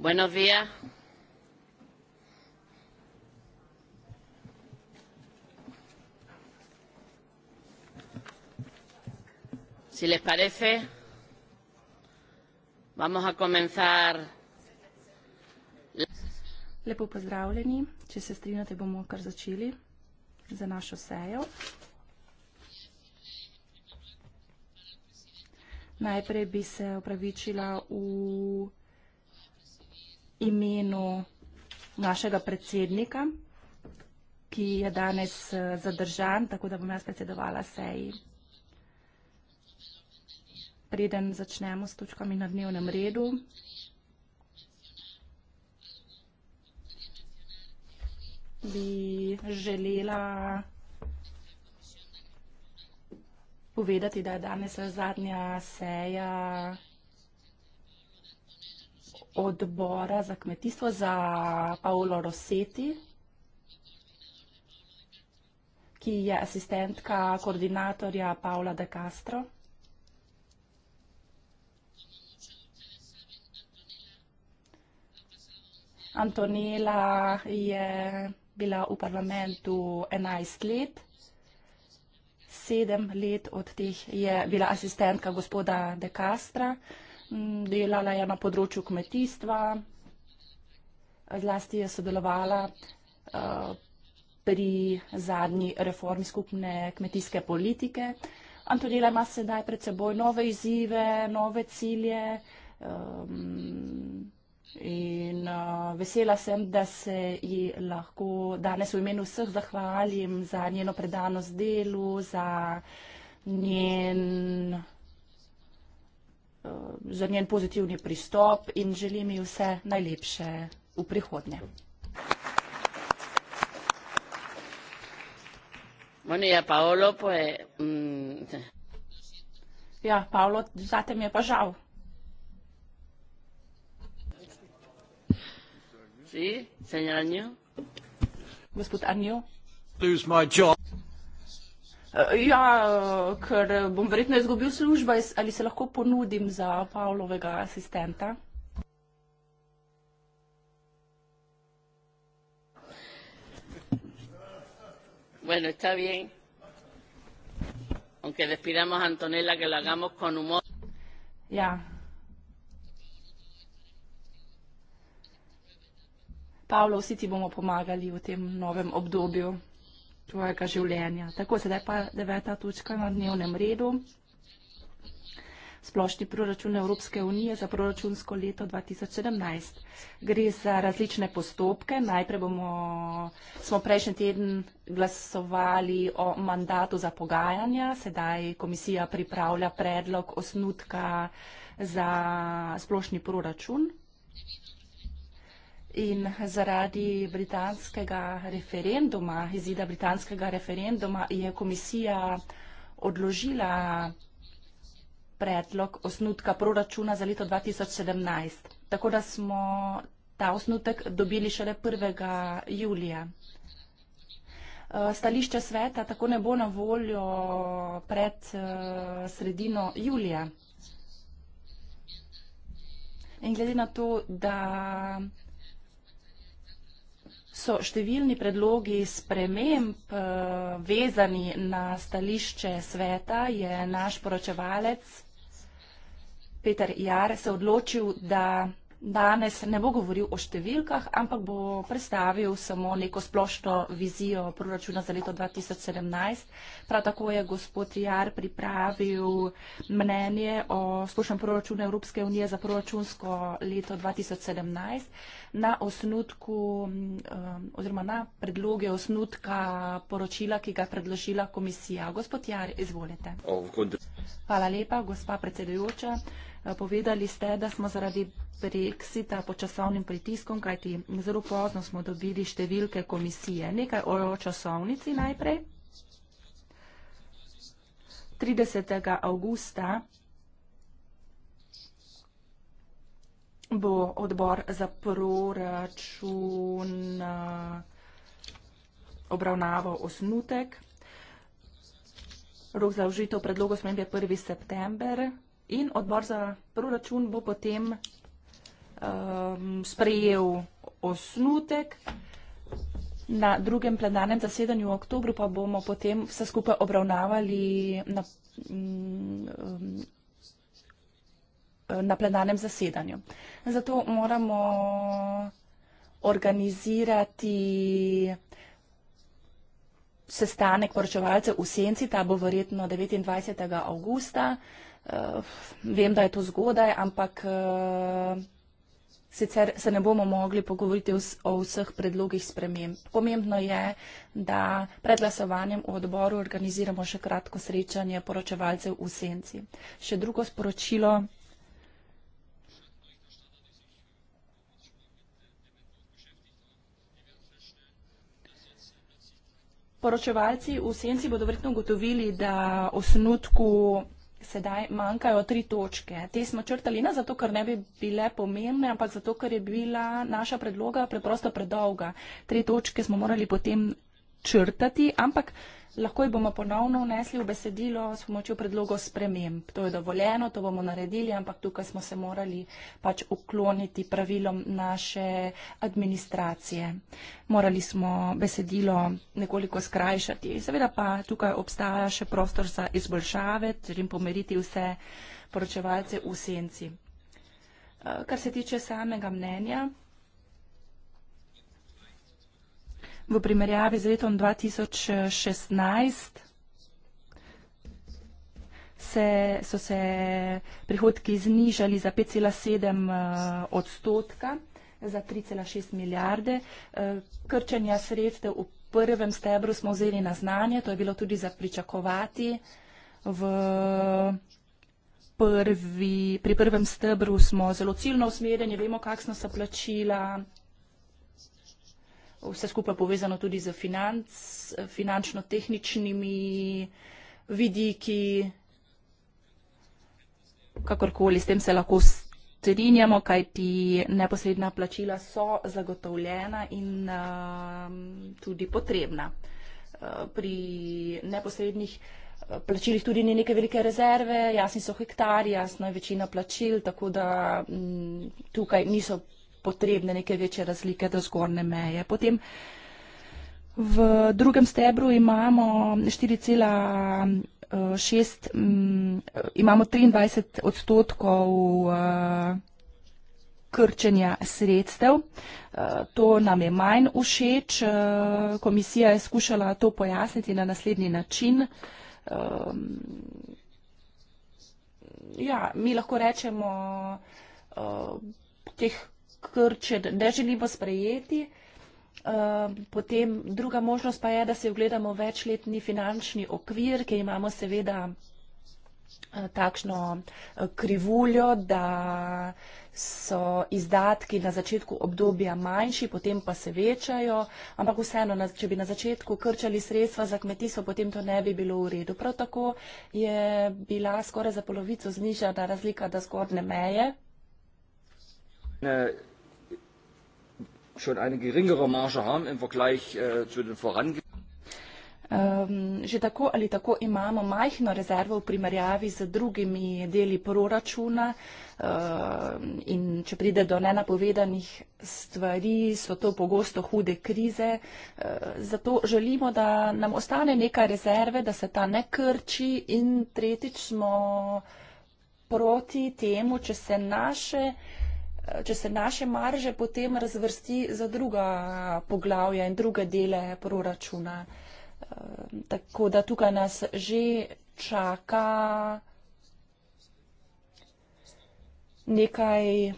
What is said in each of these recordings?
Buenos días. Si les parece, vamos a comenzar. Lepo pozdravljeni, če se strinjate, bomo kar začeli za našo sejo. Najprej bi se opravičila v imenu našega predsednika, ki je danes eh, zadržan, tako da bom jaz predsedovala seji. Preden začnemo s točkami na dnevnem redu, bi želela povedati, da je danes zadnja seja odbora za kmetijstvo za Paolo Rossetti, ki je asistentka koordinatorja Paola De Castro. Antonela je bila v parlamentu 11 let, sedem let od teh je bila asistentka gospoda De Castra delala je na področju kmetijstva, zlasti je sodelovala eh, pri zadnji reformi skupne kmetijske politike. Antonela ima sedaj pred seboj nove izzive, nove cilje ehm, in eh, vesela sem, da se ji lahko danes v imenu vseh zahvalim za njeno predanost delu, za njen Eh, za njen pozitivni pristop in želim ji vse najlepše v prihodnje. Monija Paolo pa je. Mm, ja, Paolo, zate mi je pa žal. Gospod Anjo. Eh, ja, eh, ker eh, bom verjetno izgubil službo, ali se lahko ponudim za Pavlovega asistenta? Bueno, está bien. Aunque despidamos a Antonella, que lo hagamos con humor. Ya. Ja. Pablo, vsi ti bomo pomagali v tem novem obdobju svojega življenja. Tako, sedaj pa deveta točka na dnevnem redu. Splošni proračun Evropske unije za proračunsko leto 2017. Gre za različne postopke. Najprej bomo, smo prejšnji teden glasovali o mandatu za pogajanja, sedaj komisija pripravlja predlog osnutka za splošni proračun In zaradi britanskega referenduma, izida britanskega referenduma, je komisija odložila predlog osnutka proračuna za leto 2017. Tako da smo ta osnutek dobili šele 1. julija. Eh, stališče sveta tako ne bo na voljo pred eh, sredino julija. In glede na to, da so številni predlogi sprememb eh, vezani na stališče sveta, je naš poročevalec Peter Jare se odločil, da danes ne bo govoril o številkah, ampak bo predstavil samo neko splošno vizijo proračuna za leto 2017. Prav tako je gospod Jar pripravil mnenje o splošnem proračunu Evropske unije za proračunsko leto 2017 na osnutku um, oziroma na predloge osnutka poročila, ki ga je predložila komisija. Gospod Jar, izvolite. Hvala lepa, gospa predsedujoča. Eh, povedali ste, da smo zaradi Brexita pod časovnim pritiskom, kajti zelo pozno smo dobili številke komisije. Nekaj o časovnici najprej. 30. augusta bo odbor za proračun eh, obravnaval osnutek. Rok za užitev predlogo smembe 1. september In odbor za proračun bo potem um, sprejel osnutek. Na drugem plenarnem zasedanju v oktobru pa bomo potem vse skupaj obravnavali na, mm, um, na plenarnem zasedanju. Zato moramo organizirati sestanek poročevalcev v Senci, ta bo verjetno 29. augusta. Eh, vem, da je to zgodaj, ampak eh, sicer se ne bomo mogli pogovoriti o vseh predlogih sprememb. Pomembno je, da pred glasovanjem v odboru organiziramo še kratko srečanje poročevalcev v senci. Še drugo sporočilo. Poročevalci v senci bodo verjetno ugotovili, da osnutku sedaj manjkajo tri točke. Te smo črtali ne zato, ker ne bi bile pomembne, ampak zato, ker je bila naša predloga preprosto predolga. Tri točke smo morali potem črtati, ampak lahko jih bomo ponovno vnesli v besedilo s pomočjo predlogo sprememb. To je dovoljeno, to bomo naredili, ampak tukaj smo se morali pač ukloniti pravilom naše administracije. Morali smo besedilo nekoliko skrajšati. Seveda pa tukaj obstaja še prostor za izboljšave, želim pomeriti vse poročevalce v senci. Eh, kar se tiče samega mnenja, v primerjavi z letom 2016 se, so se prihodki znižali za 5,7 eh, odstotka, za 3,6 milijarde. Eh, krčenja sredstev v prvem stebru smo vzeli na znanje, to je bilo tudi za pričakovati. V prvi, pri prvem stebru smo zelo ciljno usmerjeni, vemo, kakšno so plačila vse skupaj povezano tudi z financ, finančno-tehničnimi vidiki, kakorkoli s tem se lahko strinjamo, kaj ti neposredna plačila so zagotovljena in um, tudi potrebna. Uh, pri neposrednih uh, plačilih tudi ni neke velike rezerve, jasni so hektari, jasna je večina plačil, tako da mm, tukaj niso potrebne neke večje razlike do zgornje meje. Potem v drugem stebru imamo 4,6, mm, imamo 23 odstotkov eh, krčenja sredstev. Eh, to nam je manj všeč. Eh, komisija je skušala to pojasniti na naslednji način. Ja, mi lahko rečemo, teh krče, ne želimo sprejeti. Um, potem druga možnost pa je, da se ogledamo večletni finančni okvir, ki imamo seveda uh, takšno uh, krivuljo, da so izdatki na začetku obdobja manjši, potem pa se večajo, ampak vseeno, če bi na začetku krčali sredstva za kmetijstvo, potem to ne bi bilo v redu. Prav tako je bila skoraj za polovico znižana razlika do zgodne meje eine, äh, schon eine geringere Marge haben im Vergleich äh, zu den vorangehenden. Um, ähm, že tako ali tako imamo majhno rezervo v primerjavi z drugimi deli proračuna uh, in če pride do nenapovedanih stvari, so to pogosto hude krize. Uh, zato želimo, da nam ostane nekaj rezerve, da se ta ne krči in tretjič smo proti temu, če se naše. Uh, Eh, če se naše marže potem razvrsti za druga poglavja in druge dele proračuna. Eh, tako da tukaj nas že čaka nekaj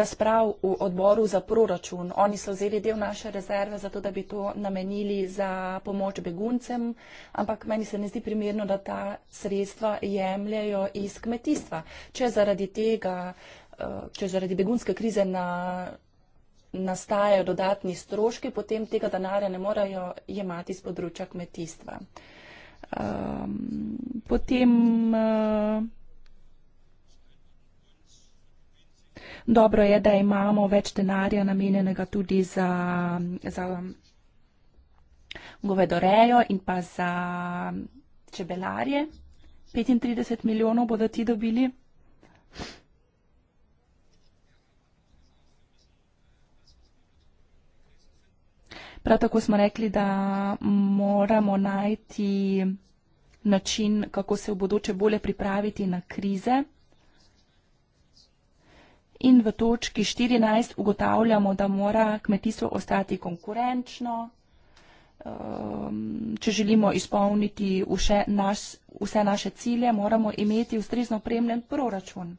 razprav v odboru za proračun. Oni so vzeli del naše rezerve, zato da bi to namenili za pomoč beguncem, ampak meni se ne zdi primerno, da ta sredstva jemljajo iz kmetijstva. Če zaradi tega uh, Eh, če zaradi begunske krize na, nastajajo dodatni stroški, potem tega denarja ne morejo jemati z področja kmetijstva. Um, potem. Uh, dobro je, da imamo več denarja namenjenega tudi za. za govedorejo in pa za čebelarje. 35 milijonov bodo ti dobili. Uh, Prav tako smo rekli, da moramo najti način, kako se v bodoče bolje pripraviti na krize. In v točki 14 ugotavljamo, da mora kmetijstvo ostati konkurenčno, ehm, če želimo izpolniti vse naše cilje, moramo imeti ustrezno opremljen proračun.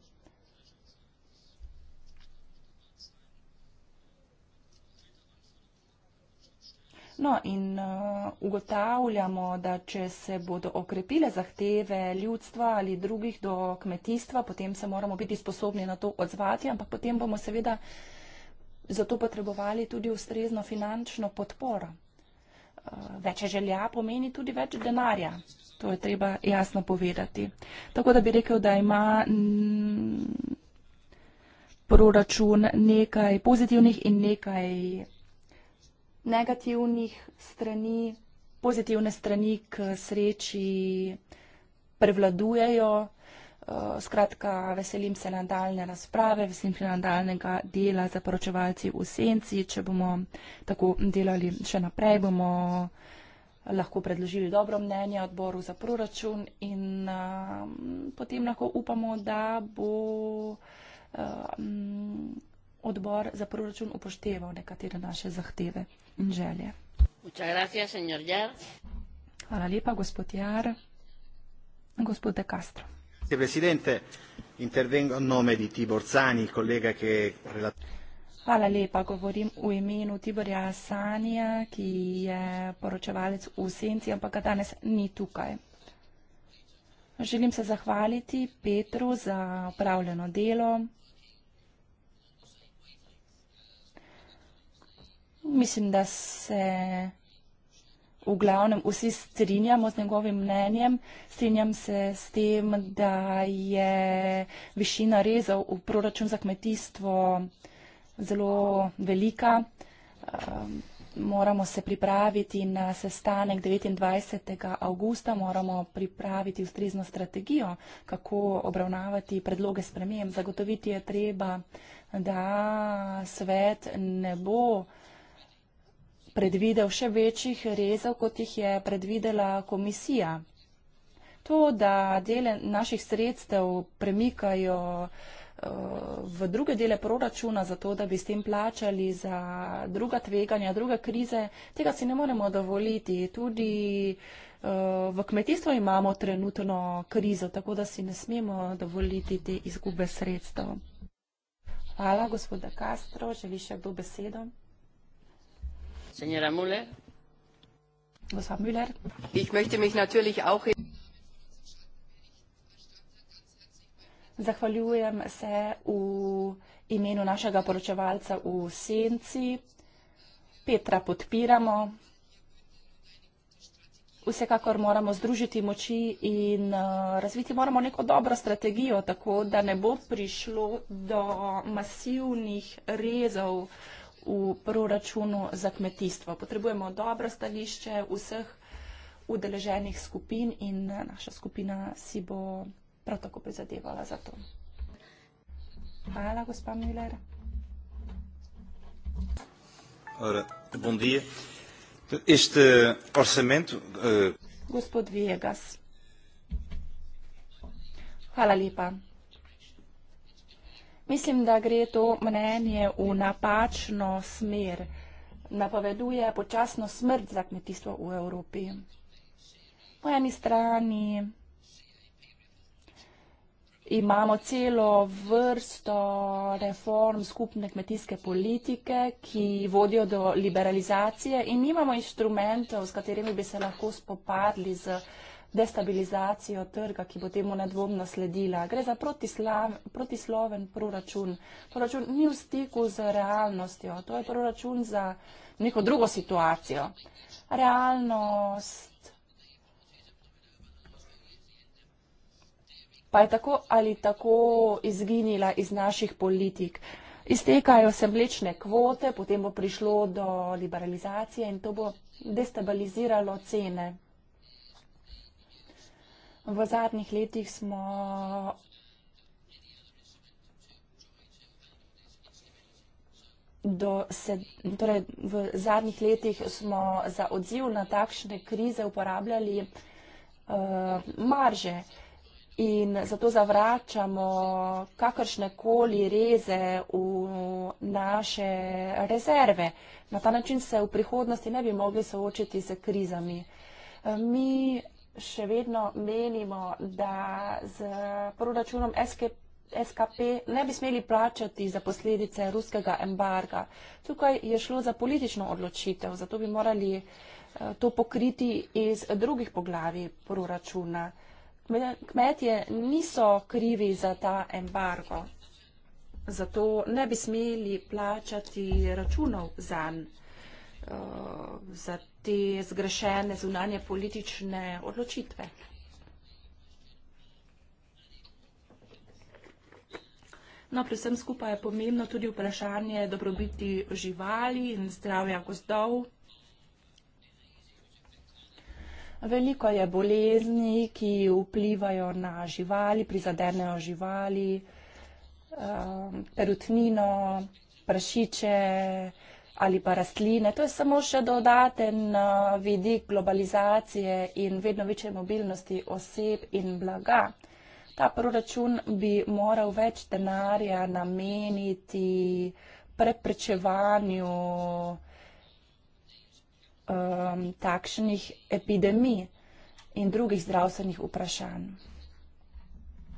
No in uh, ugotavljamo, da če se bodo okrepile zahteve ljudstva ali drugih do kmetijstva, potem se moramo biti sposobni na to odzvati, ampak potem bomo seveda zato potrebovali tudi ustrezno finančno podporo. Uh, več želja pomeni tudi več denarja. To je treba jasno povedati. Tako da bi rekel, da ima. Mm, proračun nekaj pozitivnih in nekaj negativnih strani, pozitivne strani k sreči prevladujejo. Eh, skratka, veselim se nadaljne razprave, veselim se nadaljnega dela za poročevalci v senci. Če bomo tako delali še naprej, bomo lahko predložili dobro mnenje odboru za proračun in um, potem lahko upamo, da bo um, odbor za proračun upošteval nekatere naše zahteve in želje. Hvala lepa, gospod Jar. Gospod De Castro. Hvala lepa, govorim v imenu Tiborja Sanja, ki je poročevalec v Senci, ampak ga danes ni tukaj. Želim se zahvaliti Petru za upravljeno delo, Mislim, da se v glavnem vsi strinjamo z njegovim mnenjem. Strinjam se s tem, da je višina rezov v proračun za kmetijstvo zelo velika. Um, moramo se pripraviti na sestanek 29. avgusta, moramo pripraviti ustrezno strategijo, kako obravnavati predloge sprememb. Zagotoviti je treba, da svet ne bo predvidel še večjih rezov, kot jih je predvidela komisija. To, da dele naših sredstev premikajo eh, v druge dele proračuna, zato da bi s tem plačali za druga tveganja, druga krize, tega si ne moremo dovoliti. Tudi eh, v kmetijstvu imamo trenutno krizo, tako da si ne smemo dovoliti te izgube sredstev. Hvala, gospoda Castro. Želi še kdo besedo? Señora Müller. Rosa Müller. Ich möchte mich natürlich auch in Zahvaljujem se v imenu našega poročevalca v Senci. Petra podpiramo. Vsekakor moramo združiti moči in eh, razviti moramo neko dobro strategijo, tako da ne bo prišlo do masivnih rezov v proračunu za kmetijstvo. Potrebujemo dobro stališče vseh udeleženih skupin in naša skupina si bo prav tako prizadevala za to. Hvala, gospa Miller. Bon dia. Este orçamento. Uh... Gospod Viegas. Hvala lepa. Mislim, da gre to mnenje v napačno smer. Napoveduje počasno smrt za kmetijstvo v Evropi. Po eni strani imamo celo vrsto reform skupne kmetijske politike, ki vodijo do liberalizacije in imamo inštrumentov, s katerimi bi se lahko spopadli z destabilizacijo trga, ki bo temu nedvomno sledila. Gre za protisloven proračun. Proračun ni v stiku z realnostjo. To je proračun za neko drugo situacijo. Realnost pa je tako ali tako izginila iz naših politik. Iztekajo se mlečne kvote, potem bo prišlo do liberalizacije in to bo destabiliziralo cene. V zadnjih letih smo Do se, torej v zadnjih letih smo za odziv na takšne krize uporabljali uh, marže in zato zavračamo kakršne koli reze v naše rezerve. Na ta način se v prihodnosti ne bi mogli soočiti z krizami. Eh, mi še vedno menimo, da z proračunom SKP. SKP ne bi smeli plačati za posledice ruskega embarga. Tukaj je šlo za politično odločitev, zato bi morali eh, to pokriti iz drugih poglavi proračuna. Kmetje niso krivi za ta embargo, zato ne bi smeli plačati računov za njega. Eh, za te zgrešene zunanje politične odločitve. No, predvsem skupaj je pomembno tudi vprašanje dobrobiti živali in zdravja gozdov. Veliko je bolezni, ki vplivajo na živali, prizadenejo živali, eh, perutnino, prašiče, ali pa rastline. To je samo še dodaten eh, vidik globalizacije in vedno večje mobilnosti oseb in blaga. Ta proračun bi moral več denarja nameniti preprečevanju um, takšnih epidemij in drugih zdravstvenih vprašanj.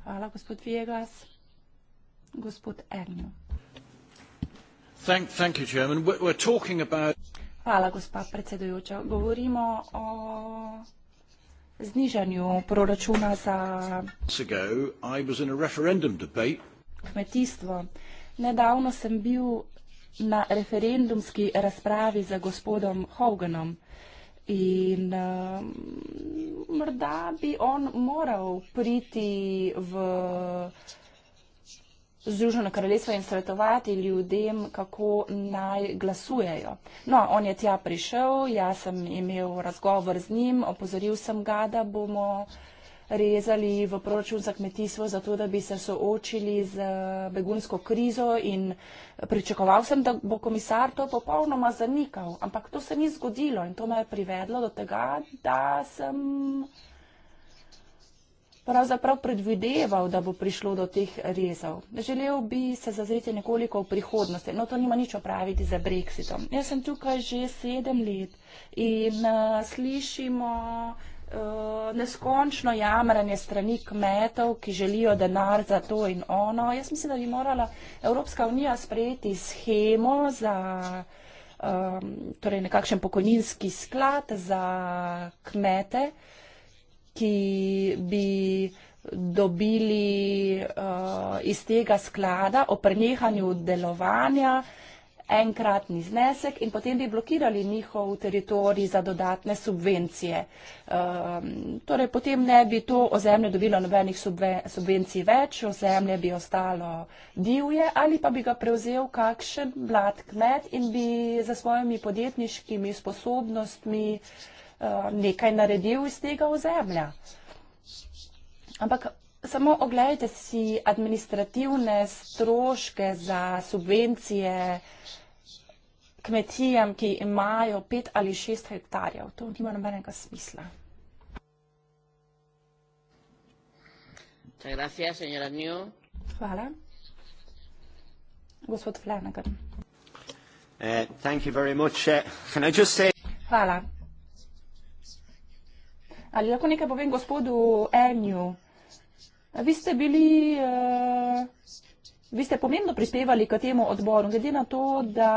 Hvala, gospod Viegas. Gospod Ernjo. Hvala, gospa predsedujoča. Govorimo o znižanju proračuna za kmetijstvo. Nedavno sem bil na referendumski razpravi za gospodom Hoganom in uh, morda bi on moral priti v uh, Združeno kraljestvo in svetovati ljudem, kako naj glasujejo. No, on je tja prišel, jaz sem imel razgovor z njim, opozoril sem ga, da bomo rezali v proračun za kmetijstvo, zato da bi se soočili z begunsko krizo in pričakoval sem, da bo komisar to popolnoma zanikal. Ampak to se ni zgodilo in to me je privedlo do tega, da sem pravzaprav predvideval, da bo prišlo do teh rezov. Želel bi se zazreti nekoliko v prihodnosti, no to nima nič opraviti za brexitom. Jaz sem tukaj že sedem let in uh, slišimo uh, neskončno jamranje strani kmetov, ki želijo denar za to in ono. Jaz mislim, da bi morala Evropska unija sprejeti schemo za. Um, torej nekakšen pokojninski sklad za kmete, uh, ki bi dobili uh, iz tega sklada o prenehanju delovanja enkratni znesek in potem bi blokirali njihov teritorij za dodatne subvencije. Um, torej, potem ne bi to ozemlje dobilo nobenih subvencij več, ozemlje bi ostalo divje ali pa bi ga prevzel kakšen mlad kmet in bi za svojimi podjetniškimi sposobnostmi uh, Eh, nekaj naredil iz tega ozemlja. Ampak samo oglejte si administrativne stroške za subvencije kmetijam, ki imajo pet ali šest hektarjev. To nima nobenega smisla. Hvala. Gospod Flanagan. Eh, eh, Hvala. Ali lahko nekaj povem gospodu Enju? Vi ste bili, uh, vi ste pomembno prispevali k temu odboru, glede na to, da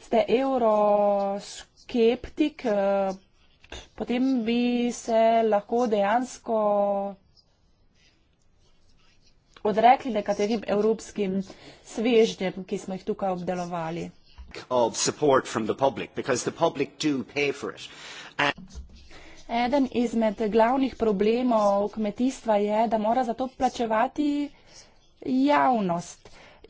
ste euroskeptik, uh, eh, potem bi se lahko dejansko odrekli nekaterim evropskim svežnjem, ki smo jih tukaj obdelovali. Eden izmed glavnih problemov kmetijstva je, da mora za to plačevati javnost.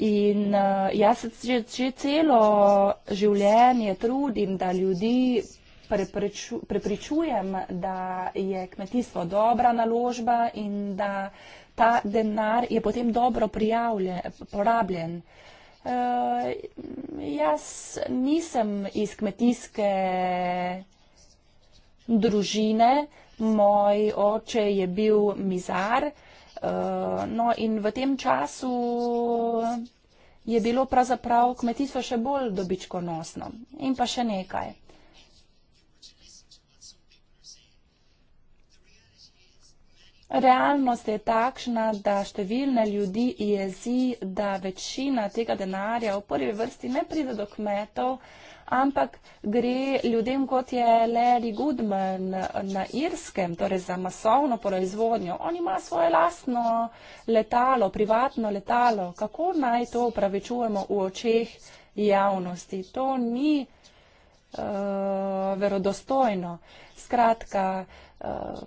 In eh, jaz se že, že celo življenje trudim, da ljudi prepriču, prepričujem, da je kmetijstvo dobra naložba in da ta denar je potem dobro porabljen. E, jaz nisem iz kmetijske družine. Moj oče je bil mizar. Eh, no, in v tem času je bilo pravzaprav kmetijstvo še bolj dobičkonosno. In pa še nekaj. Realnost je takšna, da številne ljudi jezi, da večina tega denarja v prvi vrsti ne pride do kmetov, uh, ampak gre ljudem, kot je Larry Goodman na Irskem, torej za masovno proizvodnjo. On ima svoje lastno letalo, privatno letalo. Kako naj to upravičujemo v očeh javnosti? To ni uh, verodostojno. Skratka, uh,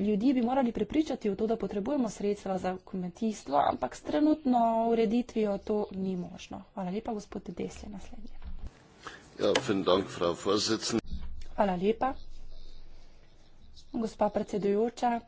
ljudi bi morali prepričati v to, da potrebujemo sredstva za kmetijstvo, ampak s trenutno ureditvijo to ni možno. Hvala lepa, gospod Desle, naslednje. Ja, dank, Hvala lepa, gospa predsedujoča.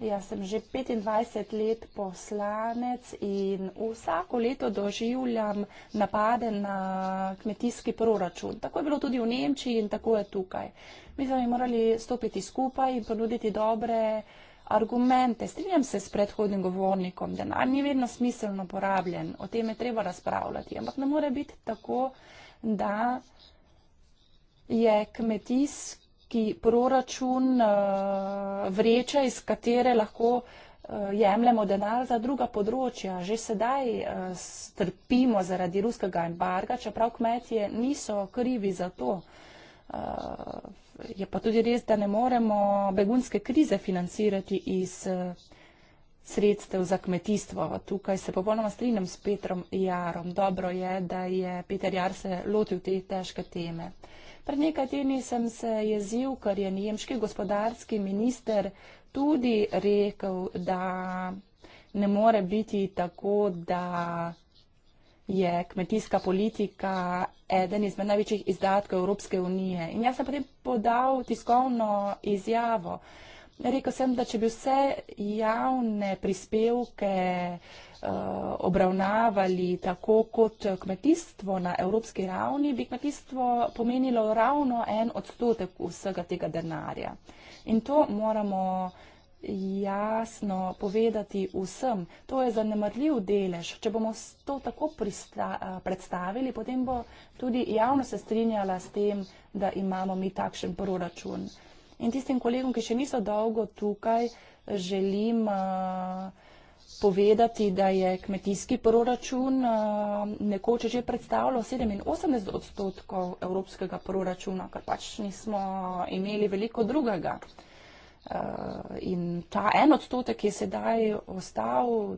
Jaz sem že 25 let poslanec in vsako leto doživljam napade na kmetijski proračun. Tako je bilo tudi v Nemčiji in tako je tukaj. Mi smo morali stopiti skupaj in ponuditi dobre argumente. Strinjam se s predhodnim govornikom, da denar ni vedno smiselno porabljen, o tem je treba razpravljati, ampak ne more biti tako, da je kmetijski ki proračun eh, vreče, iz katere lahko eh, jemljemo denar za druga področja. Že sedaj eh, strpimo zaradi ruskega embarga, čeprav kmetje niso krivi za to. Je pa tudi res, da ne moremo begunske krize financirati iz sredstev za kmetijstvo. Tukaj se popolnoma strinjam s Petrom Jarom. Dobro je, da je Peter Jar se lotil te težke teme. Pred nekaj tedni sem se jezil, ker je nemški gospodarski minister tudi rekel, da ne more biti tako, da je kmetijska politika eden izmed največjih izdatkov Evropske unije. In jaz sem potem podal tiskovno izjavo. Rekel sem, da če bi vse javne prispevke eh, obravnavali tako kot kmetijstvo na evropski ravni, bi kmetijstvo pomenilo ravno en odstotek vsega tega denarja. In to moramo jasno povedati vsem. To je zanemrljiv delež. Če bomo to tako eh, predstavili, potem bo tudi javno se strinjala s tem, da imamo mi takšen proračun. In tistim kolegom, ki še niso dolgo tukaj, želim povedati, da je kmetijski proračun nekoč že predstavljal 87 odstotkov evropskega proračuna, kar pač nismo imeli veliko drugega. In ta en odstotek je sedaj ostal,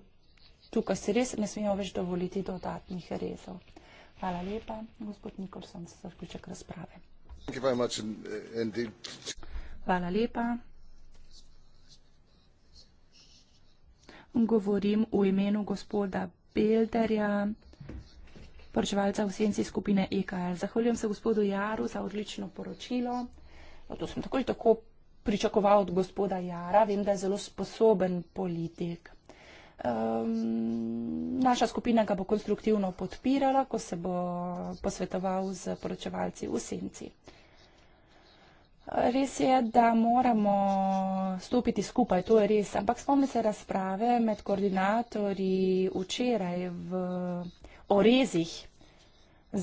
tukaj se res ne smemo več dovoliti dodatnih rezov. Hvala lepa, gospod Nikolson, za zaključek razprave. Thank you very much indeed. Hvala lepa. Govorim v imenu gospoda Belderja, poročevalca v senci skupine EKR. Zahvaljujem se gospodu Jaru za odlično poročilo. No, to sem takoj tako pričakoval od gospoda Jara. Vem, da je zelo sposoben politik. Um, naša skupina ga bo konstruktivno podpirala, ko se bo posvetoval z poročevalci v senci. Res je, da moramo stopiti skupaj, to je res. Ampak spomnim se razprave med koordinatorji včeraj v orezih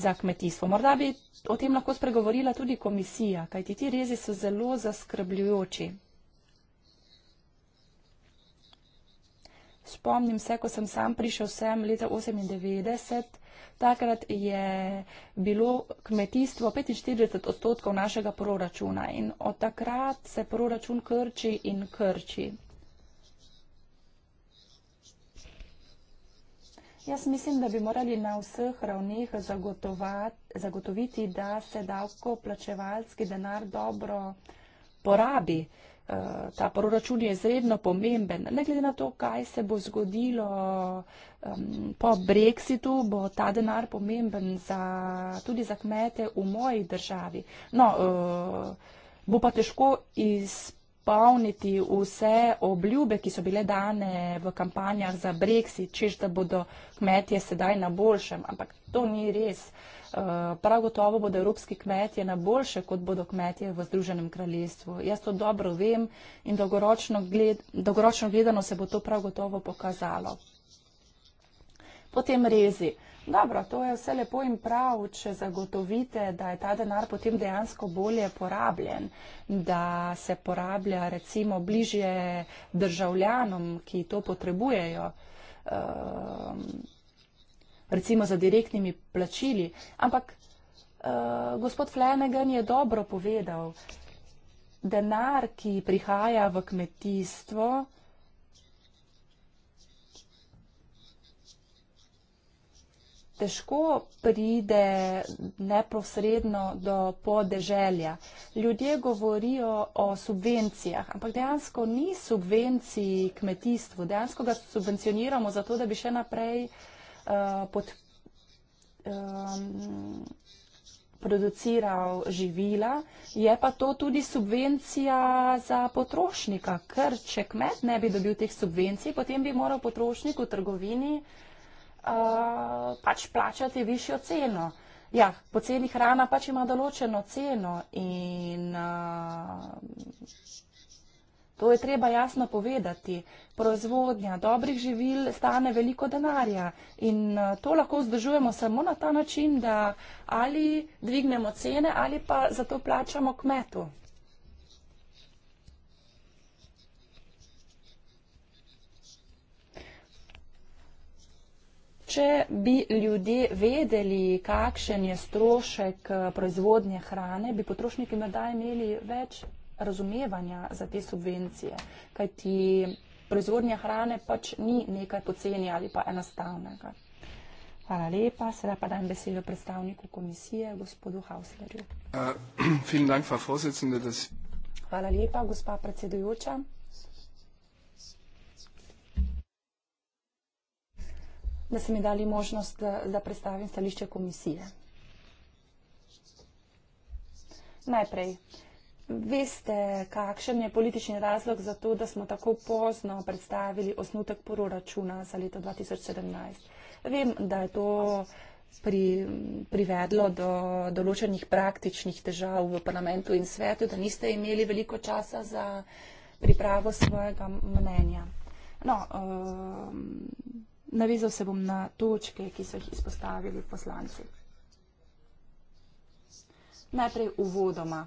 za kmetijstvo. Morda bi o tem lahko spregovorila tudi komisija, kajti ti rezi so zelo zaskrbljujoči. Spomnim se, ko sem sam prišel sem leta 1998, takrat je bilo kmetijstvo 45 odstotkov našega proračuna in od takrat se proračun krči in krči. Jaz mislim, da bi morali na vseh ravneh zagotoviti, da se davkoplačevalski denar dobro porabi. Eh, ta proračun je izredno pomemben. Ne glede na to, kaj se bo zgodilo um, po brexitu, bo ta denar pomemben za, tudi za kmete v moji državi. No, uh, bo pa težko izpolniti vse obljube, ki so bile dane v kampanjah za brexit, čež da bodo kmetje sedaj na boljšem, ampak to ni res. Uh, Eh, prav gotovo bodo evropski kmetje na boljše, kot bodo kmetje v Združenem kraljestvu. Jaz to dobro vem in dolgoročno, gled, dolgoročno gledano se bo to prav gotovo pokazalo. Potem rezi. Dobro, to je vse lepo in prav, če zagotovite, da je ta denar potem dejansko bolje porabljen, da se porablja recimo bližje državljanom, ki to potrebujejo. Uh, recimo za direktnimi plačili, ampak uh, gospod Flanagan je dobro povedal, denar, ki prihaja v kmetijstvo, težko pride neposredno do podeželja. Ljudje govorijo o subvencijah, ampak dejansko ni subvenciji kmetijstvu. Dejansko ga subvencioniramo zato, da bi še naprej uh, Eh, pod, um, produciral živila, je pa to tudi subvencija za potrošnika, ker če kmet ne bi dobil teh subvencij, potem bi moral potrošnik v trgovini uh, pač plačati višjo ceno. Ja, poceni hrana pač ima določeno ceno in uh, To je treba jasno povedati. Proizvodnja dobrih živil stane veliko denarja in eh, to lahko vzdržujemo samo na ta način, da ali dvignemo cene ali pa zato plačamo kmetu. Če bi ljudje vedeli, kakšen je strošek eh, proizvodnje hrane, bi potrošniki morda imeli več razumevanja za te subvencije, kajti proizvodnja hrane pač ni nekaj poceni ali pa enostavnega. Hvala lepa. Sedaj pa dajem besedo predstavniku komisije, gospodu Hauslerju. Hvala lepa, gospa predsedujoča. Da ste mi dali možnost, da predstavim stališče komisije. Najprej. Veste, kakšen je politični razlog za to, da smo tako pozno predstavili osnutek proračuna za leto 2017? Vem, da je to pri, privedlo do določenih praktičnih težav v parlamentu in svetu, da niste imeli veliko časa za pripravo svojega mnenja. No, um, ehm, navizal se bom na točke, ki so jih izpostavili poslanci. Najprej uvodoma.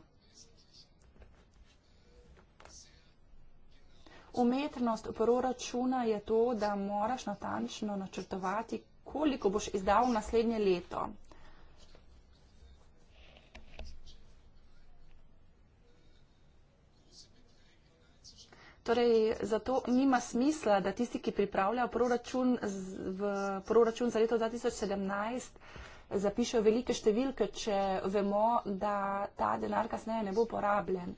umetnost proračuna je to, da moraš natančno načrtovati, koliko boš izdal v naslednje leto. Torej, zato nima smisla, da tisti, ki pripravlja proračun, v proračun za leto 2017, zapišejo velike številke, če vemo, da ta denar kasneje ne bo porabljen.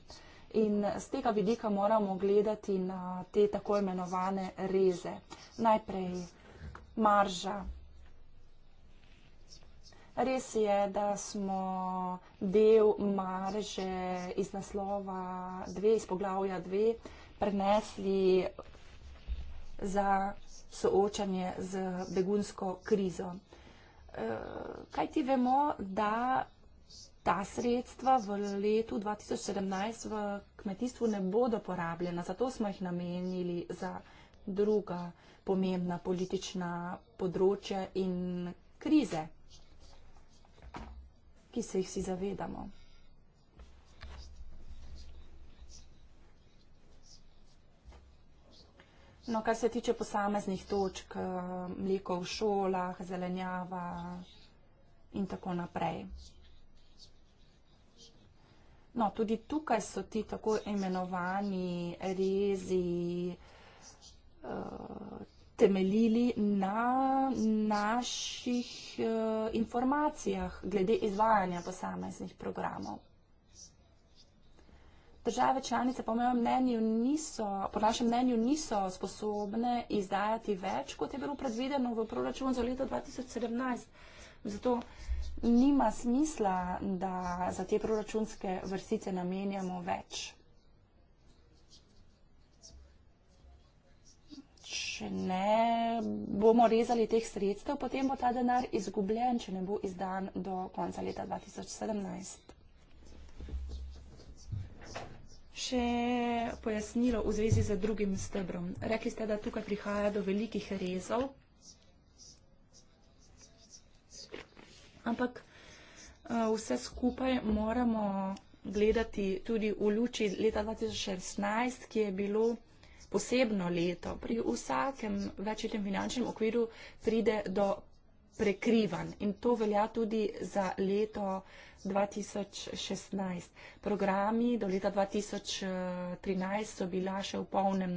In z tega vidika moramo gledati na te tako imenovane reze. Najprej marža. Res je, da smo del marže iz naslova 2, iz poglavja 2, prenesli za soočanje z begunsko krizo. Eh, Kaj ti vemo, da ta sredstva v letu 2017 v kmetijstvu ne bodo porabljena, zato smo jih namenili za druga pomembna politična področja in krize, ki se jih si zavedamo. No, kar se tiče posameznih točk, eh, mleko v šolah, zelenjava in tako naprej. No, tudi tukaj so ti tako imenovani rezi eh, temeljili na naših eh, informacijah glede izvajanja posameznih programov. Države članice po, mnenju niso, po našem mnenju niso sposobne izdajati več, kot je bilo predvideno v proračun za leto 2017. Zato nima smisla, da za te proračunske vrstice namenjamo več. Če ne bomo rezali teh sredstev, potem bo ta denar izgubljen, če ne bo izdan do konca leta 2017. Še pojasnilo v zvezi z drugim stebrom. Rekli ste, da tukaj prihaja do velikih rezov. Ampak eh, vse skupaj moramo gledati tudi v luči leta 2016, ki je bilo posebno leto. Pri vsakem večjem finančnem okviru pride do prekrivan in to velja tudi za leto 2016. Programi do leta 2013 so bila še v polnem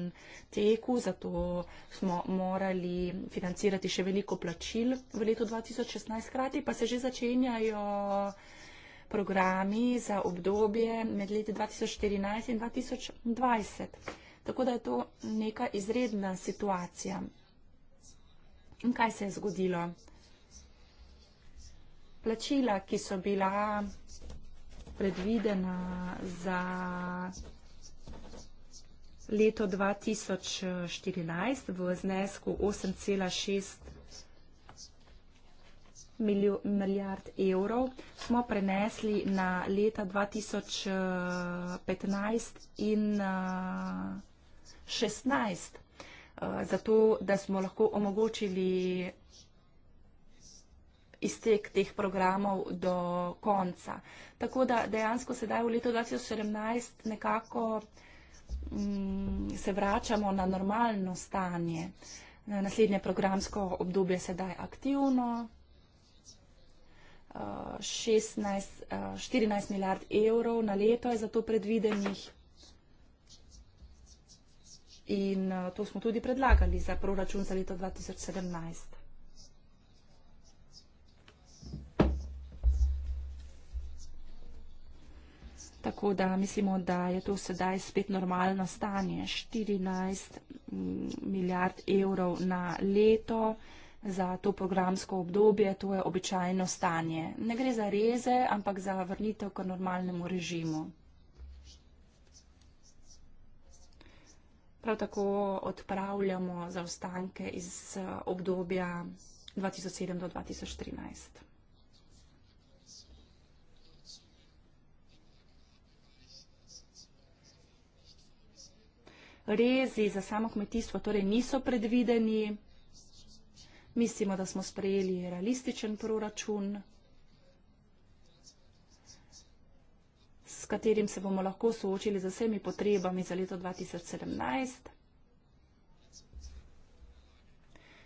teku, zato smo morali financirati še veliko plačil v letu 2016. Hkrati pa se že začenjajo programi za obdobje med leti 2014 in 2020. Tako da je to neka izredna situacija. In kaj se je zgodilo? plačila, ki so bila predvidena za leto 2014 v znesku 8,6 milijard evrov, smo prenesli na leta 2015 in 2016, eh, zato da smo lahko omogočili iztek teh programov do konca. Tako da dejansko sedaj v letu 2017 nekako mm, se vračamo na normalno stanje. Naslednje programsko obdobje sedaj aktivno. 16, eh, 14 eh, milijard evrov na leto je za to predvidenih. In eh, to smo tudi predlagali za proračun za leto 2017. Tako da mislimo, da je to sedaj spet normalno stanje. 14 mm, milijard evrov na leto za to programsko obdobje, to je običajno stanje. Ne gre za reze, ampak za vrnitev k normalnemu režimu. Prav tako odpravljamo zaostanke iz eh, obdobja 2007 do 2013. rezi za samo kmetijstvo torej niso predvideni. Mislimo, da smo sprejeli realističen proračun, s katerim se bomo lahko soočili z vsemi potrebami za leto 2017.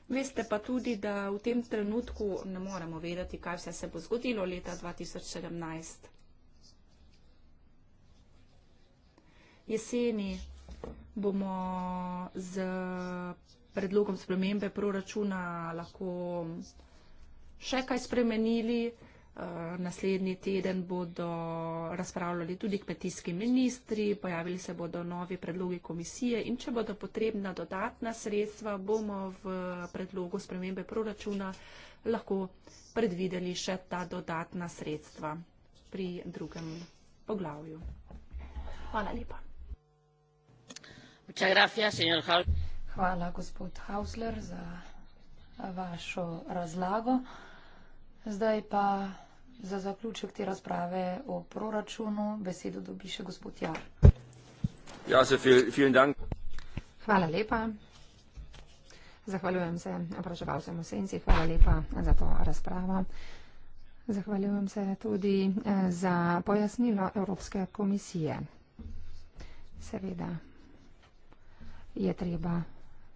Veste pa tudi, da v tem trenutku ne moremo vedeti, kaj vse se bo zgodilo leta 2017. Jeseni bomo z predlogom spremembe proračuna lahko še kaj spremenili. Eh, naslednji teden bodo razpravljali tudi kmetijski ministri, pojavili se bodo novi predlogi komisije in če bodo potrebna dodatna sredstva, bomo v predlogu spremembe proračuna lahko predvideli še ta dodatna sredstva pri drugem poglavju. Hvala lepa. Hvala, gospod Hausler, za vašo razlago. Zdaj pa za zaključek te razprave o proračunu besedo dobi še gospod Jar. Ja, se, vielen Dank. Hvala lepa. Zahvaljujem se opraševalcem v senci. Hvala lepa za to razpravo. Zahvaljujem se tudi eh, za pojasnilo Evropske komisije. Seveda je treba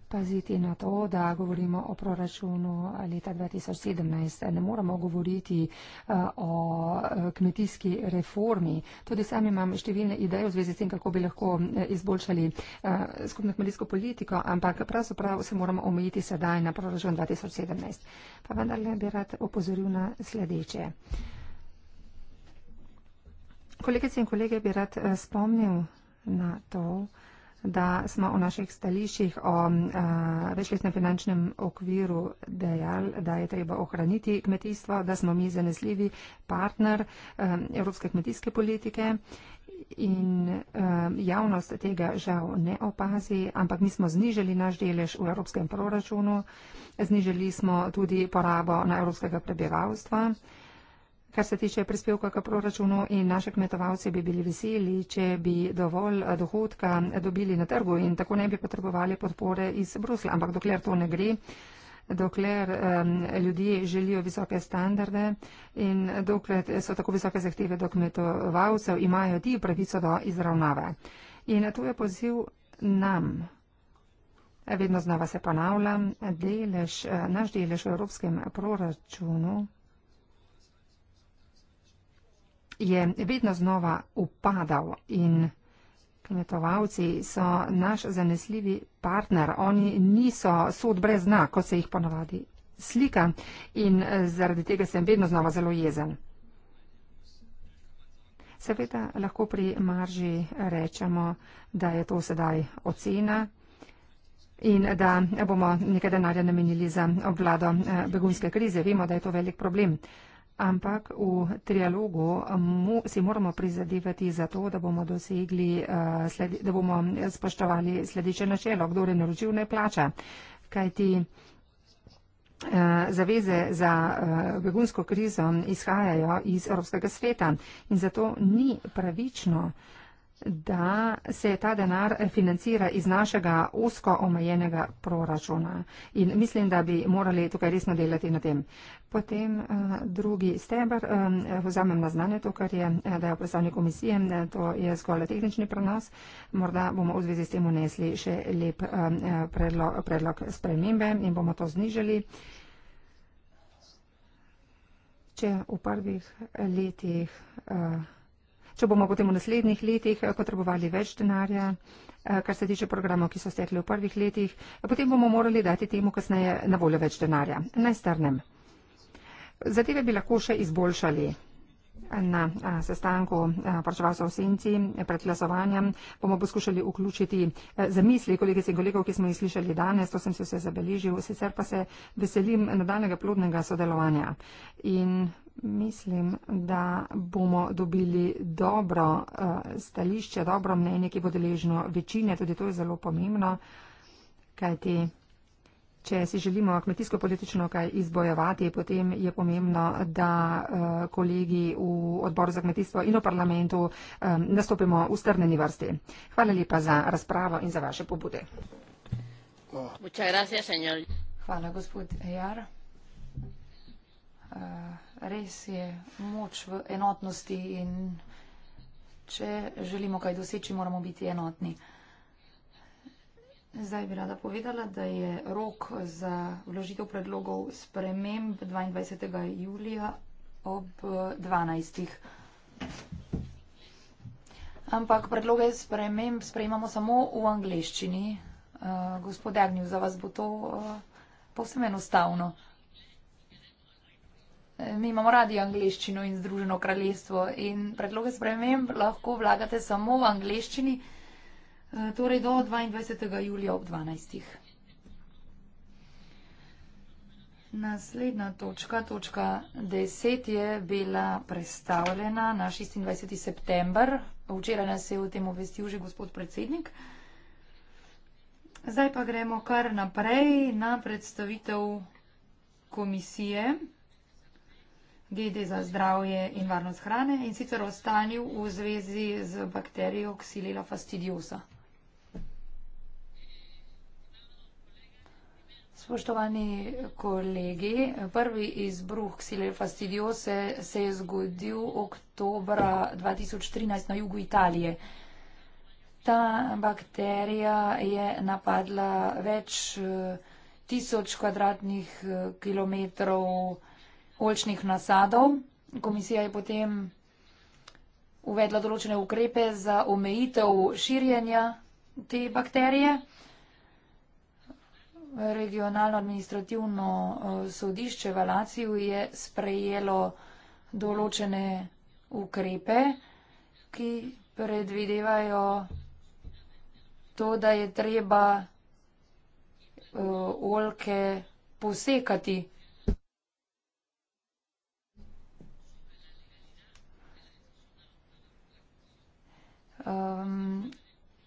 paziti na to, da govorimo o proračunu leta 2017. Ne moramo govoriti eh, o eh, kmetijski reformi. Tudi sami imam številne ideje v zvezi s tem, kako bi lahko eh, izboljšali skupno kmetijsko politiko, ampak pravzaprav se moramo omejiti sedaj na proračun 2017. Pa vendar ne bi rad opozoril na sledeče. Kolegice in kolege, bi rad spomnil na to, da smo v naših stališčih o eh, večletnem finančnem okviru dejali, da je treba ohraniti kmetijstvo, da smo mi zanesljivi partner eh, evropske kmetijske politike in eh, javnost tega žal ne opazi, ampak mi smo znižali naš delež v evropskem proračunu, znižali smo tudi porabo na evropskega prebivalstva. Kar se tiče prispevka k proračunu in naše kmetovalce bi bili veseli, če bi dovolj eh, dohodka dobili na trgu in tako ne bi potrebovali podpore iz Brusla. Ampak dokler to ne gre, dokler um, ljudje želijo visoke standarde in dokler so tako visoke zahteve do kmetovalcev, imajo ti pravico do izravnave. In tu je poziv nam. Vedno znova se ponavljam, delež, eh, naš delež v evropskem proračunu je vedno znova upadal in kmetovalci so naš zanesljivi partner. Oni niso sod brez zna, ko se jih ponavadi slika in eh, zaradi tega sem vedno znova zelo jezen. Seveda lahko pri marži rečemo, da je to sedaj ocena in da bomo nekaj denarja namenili za obvlado eh, begunske krize. Vemo, da je to velik problem ampak v trialogu mu, si moramo prizadevati za to, da bomo dosegli, uh, sledi, da bomo spoštovali sledeče načelo, kdo je naročil, ne plača. Kajti uh, zaveze za uh, begunsko krizo izhajajo iz Evropskega sveta in zato ni pravično, uh, da se ta denar financira iz našega osko omejenega proračuna. In mislim, da bi morali tukaj resno delati na tem. Potem eh, drugi stebr, eh, vzamem na znanje to, kar je eh, dejal predstavnik komisije, to je zgolj tehnični prenos. Morda bomo v zvezi s tem unesli še lep predlog, predlog spremembe in bomo to znižali. Če v prvih letih če bomo potem v naslednjih letih eh, potrebovali več denarja, eh, kar se tiče programov, ki so stekli v prvih letih, potem bomo morali dati temu kasneje na voljo več denarja. Naj strnem. Zadeve bi lahko še izboljšali. Na eh, sestanku poročevalcev v senci pred glasovanjem bomo poskušali vključiti zamisli kolegic in kolegov, ki smo jih slišali danes, to sem se vse zabeležil, sicer pa se veselim nadaljnega plodnega sodelovanja. In mislim, da bomo dobili dobro eh, stališče, dobro mnenje, ki bo deležno večine. Tudi to je zelo pomembno, kajti če si želimo kmetijsko politično kaj izbojevati, potem je pomembno, da eh, kolegi v odboru za kmetijstvo in v parlamentu eh, nastopimo v strneni vrsti. Hvala lepa za razpravo in za vaše pobude. Hvala, gospod Jar. Uh... Res je moč v enotnosti in če želimo kaj doseči, moramo biti enotni. Zdaj bi rada povedala, da je rok za vložitev predlogov sprememb 22. julija ob 12. Ampak predloge sprememb sprejemamo samo v angleščini. Uh, gospod Agnjo, za vas bo to uh, povsem enostavno. Eh, mi imamo radi angliščino in Združeno kraljestvo in predloge sprememb lahko vlagate samo v angliščini, eh, torej do 22. julija ob 12. Naslednja točka, točka 10, je bila predstavljena na 26. september. Včeraj nas je o tem obvestil že gospod predsednik. Zdaj pa gremo kar naprej na predstavitev komisije glede za zdravje in varnost hrane in sicer o stanju v zvezi z bakterijo Xylella fastidiosa. Spoštovani kolegi, prvi izbruh Xylella fastidiose se je zgodil oktobra 2013 na jugu Italije. Ta bakterija je napadla več eh, tisoč kvadratnih eh, kilometrov oljčnih nasadov. Komisija je potem uvedla določene ukrepe za omejitev širjenja te bakterije. Regionalno administrativno eh, sodišče v Laciju je sprejelo določene ukrepe, ki predvidevajo to, da je treba eh, oljke posekati Um,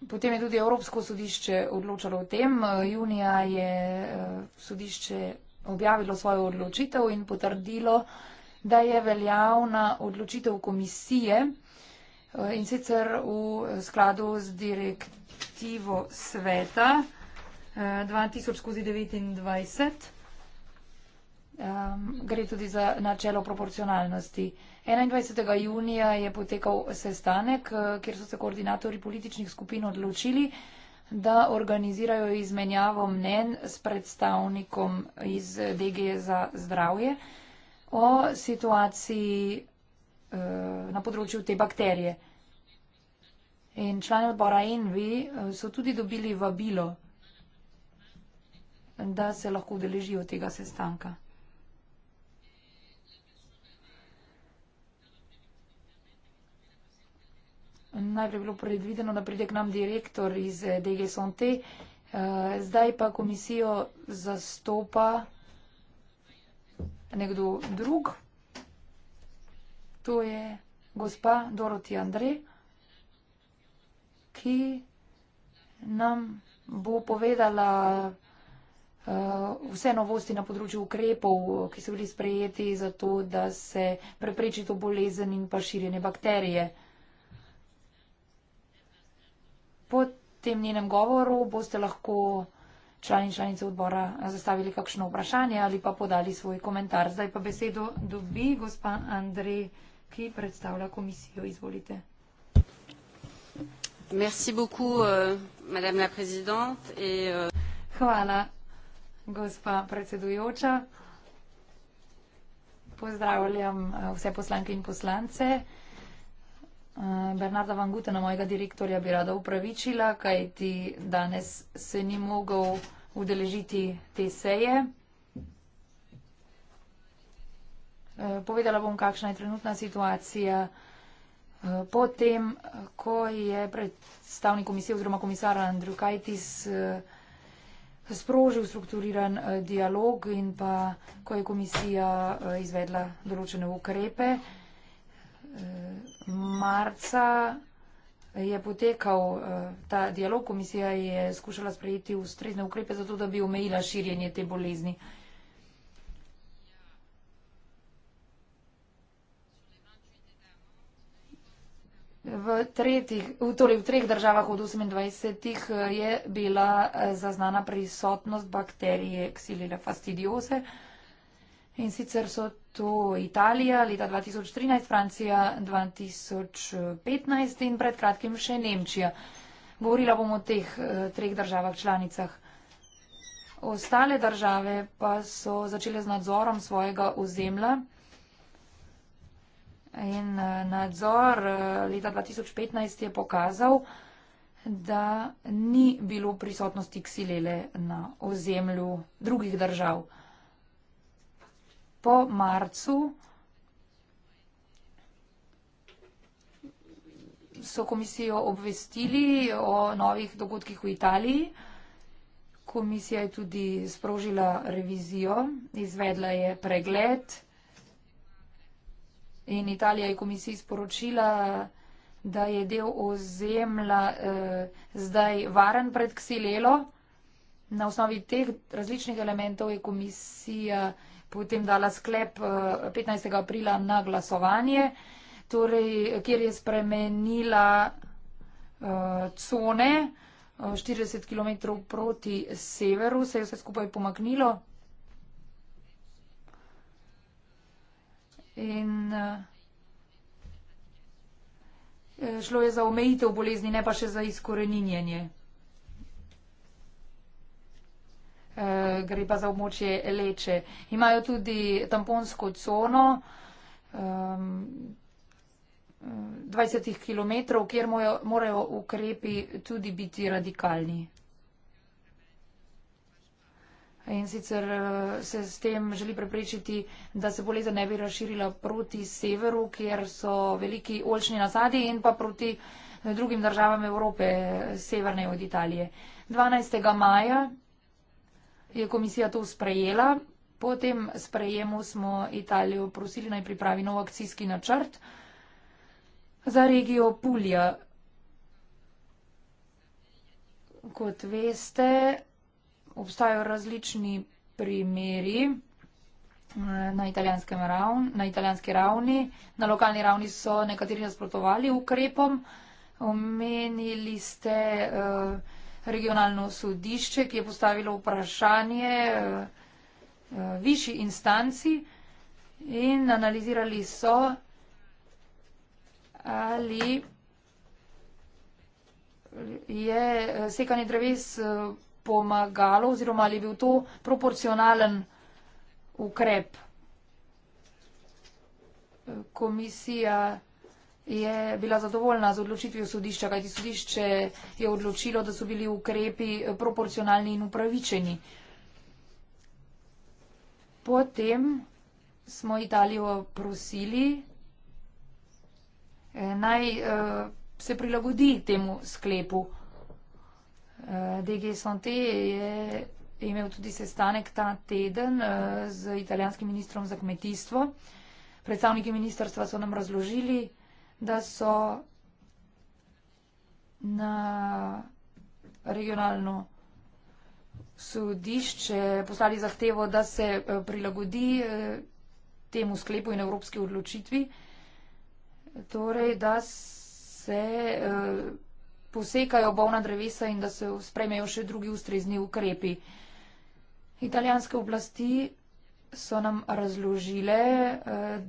potem je tudi Evropsko sodišče odločalo o tem. Junija je uh, sodišče objavilo svojo odločitev in potrdilo, da je veljavna odločitev komisije uh, in sicer v skladu z direktivo sveta 2000-29. Uh, um, gre tudi za načelo proporcionalnosti. Uh, 21. junija je potekal sestanek, eh, kjer so se koordinatori političnih skupin odločili, da organizirajo izmenjavo mnen s predstavnikom iz eh, DG za zdravje o situaciji eh, na področju te bakterije. In člani odbora Envi so tudi dobili vabilo, da se lahko udeležijo tega sestanka. Najprej je bilo predvideno, da pride k nam direktor iz eh, DGSONT, eh, zdaj pa komisijo zastopa nekdo drug. To je gospa Doroti Andrej, ki nam bo povedala eh, vse novosti na področju ukrepov, ki so bili sprejeti za to, da se prepreči to bolezen in pa širjenje bakterije. po tem njenem govoru boste lahko člani in članice odbora zastavili kakšno vprašanje ali pa podali svoj komentar. Zdaj pa besedo dobi gospa Andrej, ki predstavlja komisijo. Izvolite. Merci beaucoup, uh, madame la présidente. Et, uh... Hvala, gospa predsedujoča. Pozdravljam uh, vse poslanke in poslance. Uh, Eh, Bernarda Van Gutena, mojega direktorja, bi rada upravičila, kaj ti danes se ni mogel udeležiti te seje. Eh, povedala bom, kakšna je trenutna situacija. Eh, potem, ko je predstavnik komisije oziroma komisar Andrew Kajtis sprožil strukturiran dialog in pa ko je komisija izvedla določene ukrepe, marca je potekal eh, ta dialog, komisija je skušala sprejeti ustrezne ukrepe za to, da bi omejila širjenje te bolezni. V, tretjih, v, torej v treh državah od 28 eh, je bila eh, zaznana prisotnost bakterije Xylella fastidiosa. In sicer so to Italija leta 2013, Francija 2015 in pred kratkim še Nemčija. Govorila bom o teh eh, treh državah članicah. Ostale države pa so začele z nadzorom svojega ozemlja. In eh, nadzor eh, leta 2015 je pokazal, da ni bilo prisotnosti ksilele na ozemlju drugih držav po marcu so komisijo obvestili o novih dogodkih v Italiji. Komisija je tudi sprožila revizijo, izvedla je pregled in Italija je komisiji sporočila, da je del ozemlja eh, zdaj varen pred ksilelo. Na osnovi teh različnih elementov je komisija eh, potem dala sklep 15. Eh, aprila na glasovanje, torej, kjer je spremenila eh, cone 40 eh, km proti severu, se je vse skupaj pomaknilo. In šlo je za omejitev bolezni, ne pa še za izkoreninjenje. eh, gre pa za območje leče. Imajo tudi tamponsko cono eh, 20 km, kjer mojo, morajo ukrepi tudi biti radikalni. In sicer eh, se s tem želi preprečiti, da se bolezen ne bi razširila proti severu, kjer so veliki olčni nasadi in pa proti eh, drugim državam Evrope, eh, severne od Italije. 12. maja je komisija to sprejela. Po tem sprejemu smo Italijo prosili naj pripravi nov akcijski načrt za regijo Pulja. Kot veste, obstajajo različni primeri eh, na, ravn, na italijanski ravni. Na lokalni ravni so nekateri nasprotovali ukrepom. Omenili ste. Uh, regionalno sodišče, ki je postavilo vprašanje eh, eh, višji instanci in analizirali so, ali je eh, sekanje dreves pomagalo oziroma ali je bil to proporcionalen ukrep. Komisija je bila zadovoljna z odločitvijo sodišča, kajti sodišče je odločilo, da so bili ukrepi proporcionalni in upravičeni. Potem smo Italijo prosili, eh, naj eh, se prilagodi temu sklepu. Eh, DG Sante je imel tudi sestanek ta teden z italijanskim ministrom za kmetijstvo. Predstavniki ministrstva so nam razložili, da je to, da so na regionalno sodišče poslali zahtevo, da se eh, prilagodi eh, temu sklepu in evropski odločitvi, torej da se eh, posekajo bovna drevesa in da se spremejo še drugi ustrezni ukrepi. Italijanske oblasti so nam razložile,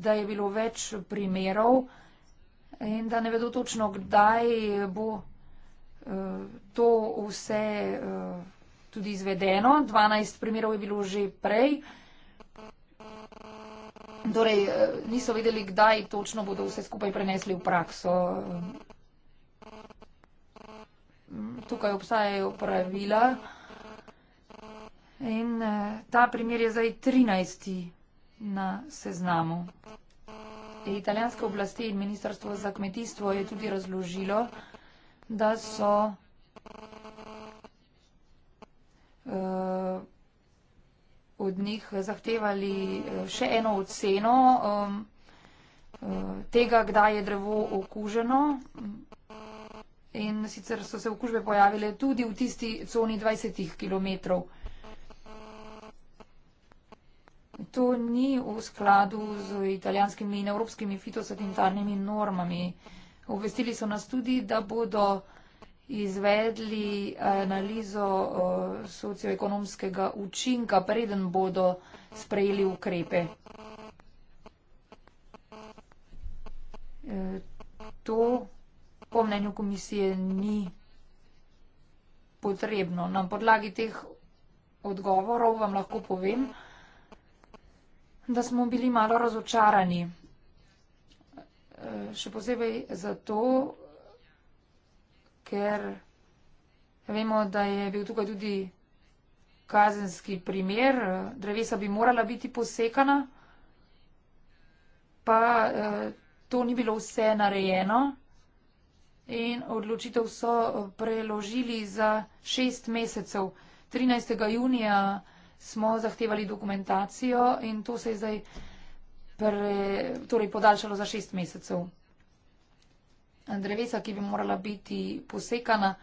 da je bilo več primerov, in da ne vedo točno, kdaj bo eh, to vse eh, tudi izvedeno. 12 primerov je bilo že prej. Torej, eh, niso vedeli, kdaj točno bodo vse skupaj prenesli v prakso. Tukaj obstajajo pravila in ta primer je zdaj 13. na seznamu italijanske oblasti in ministrstvo za kmetijstvo je tudi razložilo, da so uh, od njih zahtevali eh, še eno oceno um, eh, tega, kdaj je drevo okuženo. In sicer so se okužbe pojavile tudi v tisti coni 20 km. Uh, to ni v skladu z italijanskimi in evropskimi fitosanitarnimi normami. Obvestili so nas tudi, da bodo izvedli eh, analizo eh, socioekonomskega učinka, preden bodo sprejeli ukrepe. Eh, to po mnenju komisije ni potrebno. Na podlagi teh odgovorov vam lahko povem, da smo bili malo razočarani. Eh, še posebej zato, ker vemo, da je bil tukaj tudi kazenski primer, drevesa bi morala biti posekana, pa eh, to ni bilo vse narejeno in odločitev so preložili za šest mesecev. 13. junija smo zahtevali dokumentacijo in to se je zdaj pre, torej podaljšalo za šest mesecev. Drevesa, ki bi morala biti posekana,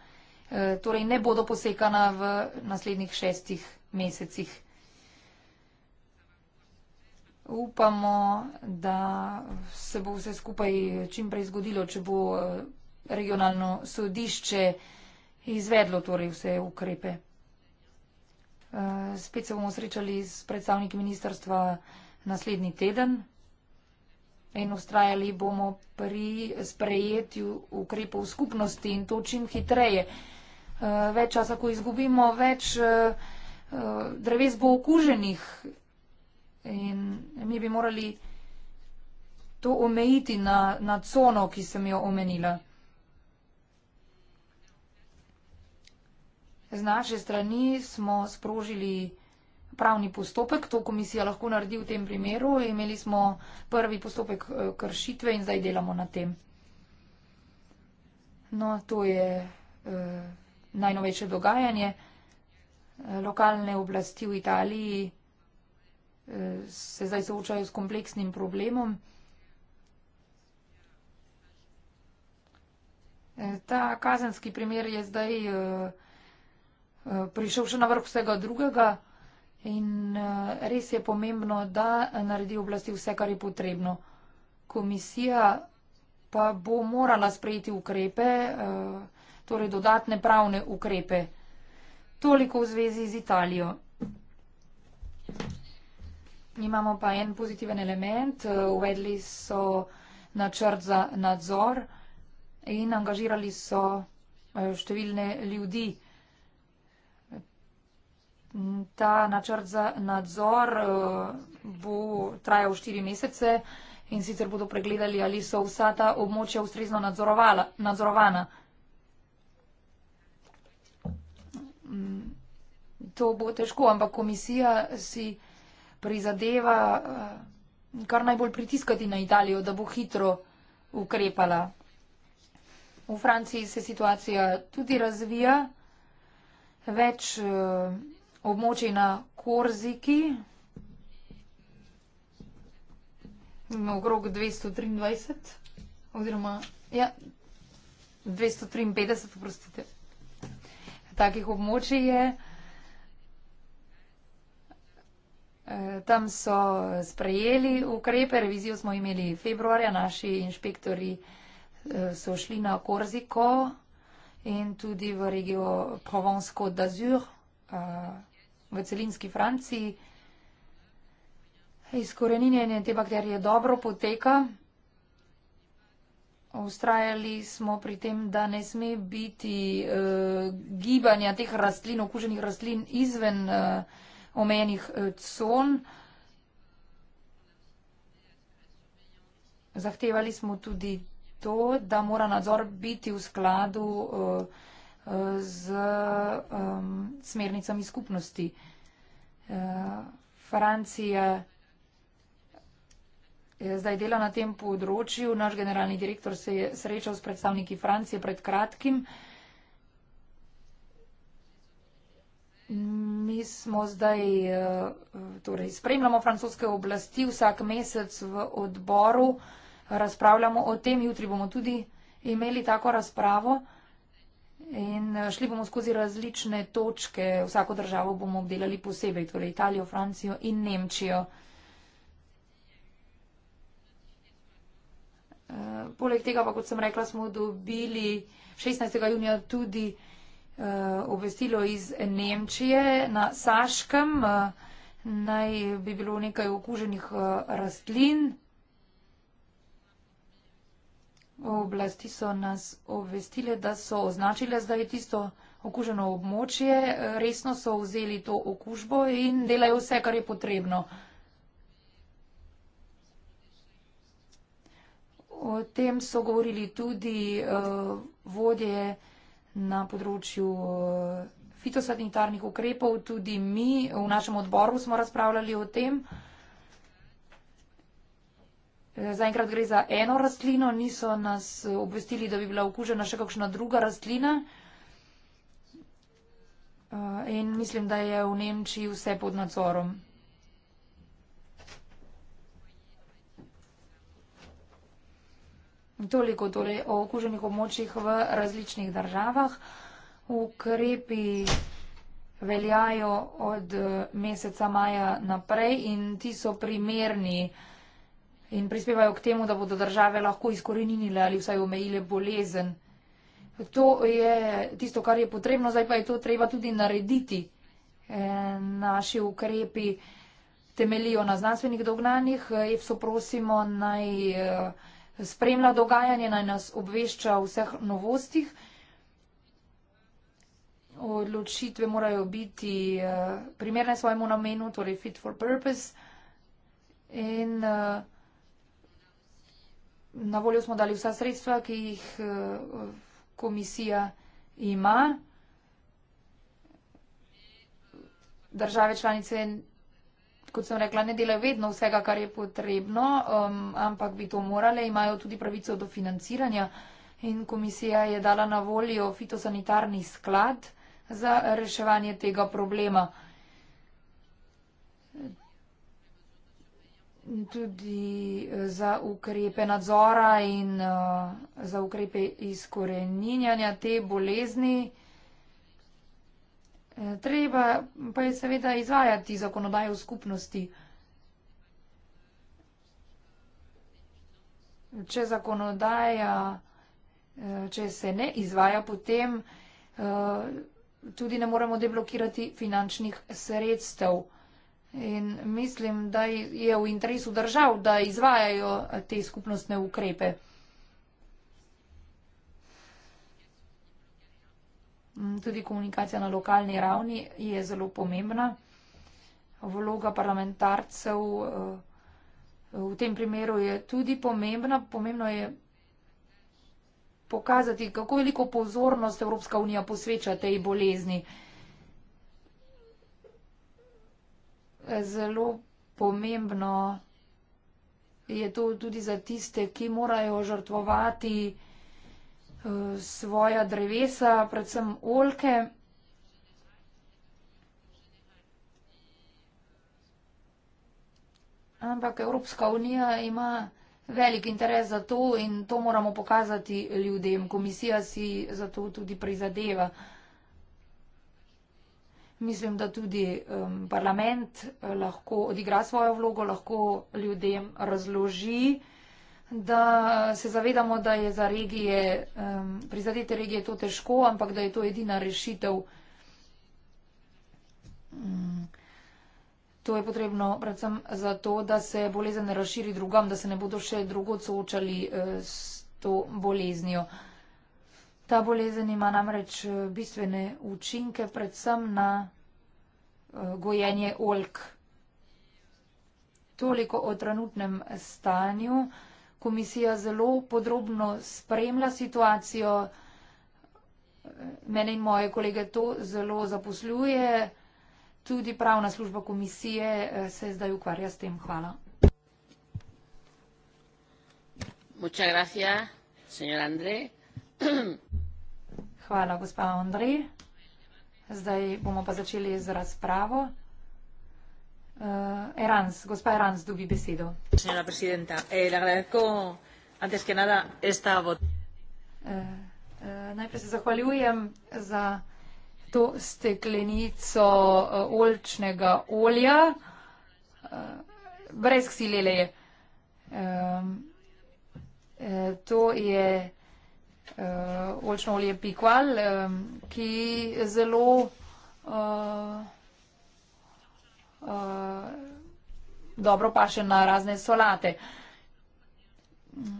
eh, torej ne bodo posekana v naslednjih šestih mesecih. Upamo, da se bo vse skupaj čim prej zgodilo, če bo eh, regionalno sodišče izvedlo torej vse ukrepe. Eh, spet se bomo srečali s predstavniki ministerstva naslednji teden in ustrajali bomo pri sprejetju ukrepov skupnosti in to čim hitreje. Eh, več časa, ko izgubimo, več eh, dreves bo okuženih in mi bi morali to omejiti na, na cono, ki sem jo omenila. z naše strani smo sprožili pravni postopek, to komisija lahko naredi v tem primeru. Imeli smo prvi postopek eh, kršitve in zdaj delamo na tem. No, to je eh, najnovejše dogajanje. Eh, lokalne oblasti v Italiji eh, se zdaj soočajo s kompleksnim problemom. Eh, ta kazenski primer je zdaj. Eh, Eh, prišel še na vrh vsega drugega. In eh, res je pomembno, da naredi oblasti vse, kar je potrebno. Komisija pa bo morala sprejeti ukrepe, eh, torej dodatne pravne ukrepe. Toliko v zvezi z Italijo. Imamo pa en pozitiven element. Uvedli so načrt za nadzor in angažirali so številne ljudi. Ta načrt za nadzor eh, bo trajal štiri mesece in sicer bodo pregledali, ali so vsa ta območja ustrezno nadzorovana. Mm, to bo težko, ampak komisija si prizadeva eh, kar najbolj pritiskati na Italijo, da bo hitro ukrepala. V Franciji se situacija tudi razvija. Več eh, območij na Korziki. Na okrog 223 oziroma, ja, 253, oprostite. Takih območij je. E, tam so sprejeli ukrepe, revizijo smo imeli februarja, naši inšpektori e, so šli na Korziko in tudi v regijo Provence-Côte d'Azur, e, v celinski Franciji. Izkoreninjenje te bakterije dobro poteka. Ustrajali smo pri tem, da ne sme biti e, gibanja teh rastlin, okuženih rastlin, izven e, eh, omenjenih eh, con. Zahtevali smo tudi to, da mora nadzor biti v skladu. E, z um, smernicami skupnosti. E, Francija je zdaj dela na tem področju. Naš generalni direktor se je srečal s predstavniki Francije pred kratkim. Mi smo zdaj, uh, torej spremljamo francoske oblasti vsak mesec v odboru, razpravljamo o tem, jutri bomo tudi imeli tako razpravo. In eh, šli bomo skozi različne točke, vsako državo bomo obdelali posebej, torej Italijo, Francijo in Nemčijo. Eh, poleg tega pa, kot sem rekla, smo dobili 16. junija tudi eh, obvestilo iz Nemčije na Saškem. Naj bi bilo nekaj okuženih rastlin oblasti so nas obvestile, da so označile zdaj tisto okuženo območje, resno so vzeli to okužbo in delajo vse, kar je potrebno. O tem so govorili tudi eh, vodje na področju eh, fitosanitarnih ukrepov, tudi mi v našem odboru smo razpravljali o tem. Zaenkrat gre za eno rastlino, niso nas obvestili, da bi bila okužena še kakšna druga rastlina. Eh, in mislim, da je v Nemčiji vse pod nadzorom. Toliko torej o okuženih območjih v različnih državah. Ukrepi veljajo od eh, meseca maja naprej in ti so primerni in prispevajo k temu, da bodo države lahko izkoreninile ali vsaj omejile bolezen. To je tisto, kar je potrebno, zdaj pa je to treba tudi narediti. E, naši ukrepi temelijo na znanstvenih dognanjih. EFSO prosimo naj e, spremlja dogajanje, naj nas obvešča o vseh novostih. Odločitve morajo biti e, primerne svojemu namenu, torej fit for purpose. In, uh, na voljo smo dali vsa sredstva, ki jih eh, komisija ima. Države članice, kot sem rekla, ne delajo vedno vsega, kar je potrebno, um, ampak bi to morale, imajo tudi pravico do financiranja in komisija je dala na voljo fitosanitarni sklad za reševanje tega problema. tudi eh, za ukrepe nadzora in uh, za ukrepe izkoreninjanja te bolezni. Eh, treba pa je seveda izvajati zakonodajo v skupnosti. Če zakonodaja, če se ne izvaja, potem tudi ne moremo deblokirati finančnih sredstev. In mislim, da je v interesu držav, da izvajajo te skupnostne ukrepe. Tudi komunikacija na lokalni ravni je zelo pomembna. Vloga parlamentarcev eh, v tem primeru je tudi pomembna. Pomembno je pokazati, kako veliko pozornost Evropska unija posveča tej bolezni. zelo pomembno je to tudi za tiste, ki morajo žrtvovati eh, svoja drevesa, predvsem olke. Ampak Evropska unija ima velik interes za to in to moramo pokazati ljudem. Komisija si za to tudi prizadeva. Mislim, da tudi um, parlament eh, lahko odigra svojo vlogo, lahko ljudem razloži, da se zavedamo, da je za regije, um, prizadete regije to težko, ampak da je to edina rešitev. Um, to je potrebno predvsem zato, da se bolezen ne razširi drugam, da se ne bodo še drugo soočali uh, s to boleznijo. Uh, Ta bolezen ima namreč eh, bistvene učinke, predvsem na eh, gojenje oljk. Toliko o trenutnem stanju. Komisija zelo podrobno spremlja situacijo. Mene in moje kolege to zelo zaposluje. Tudi pravna služba komisije eh, se zdaj ukvarja s tem. Hvala. Muchas gracias, señor Andrés. Hvala, gospa Andrej. Zdaj bomo pa začeli z razpravo. Uh, Erans, gospa Erans dobi besedo. Eh, eh, najprej se zahvaljujem za to steklenico uh, olčnega olja. Uh, brez ksilele je. Uh, uh, to je uh, eh, oljčno olje pikual, um, ki zelo uh, uh, dobro paše na razne solate.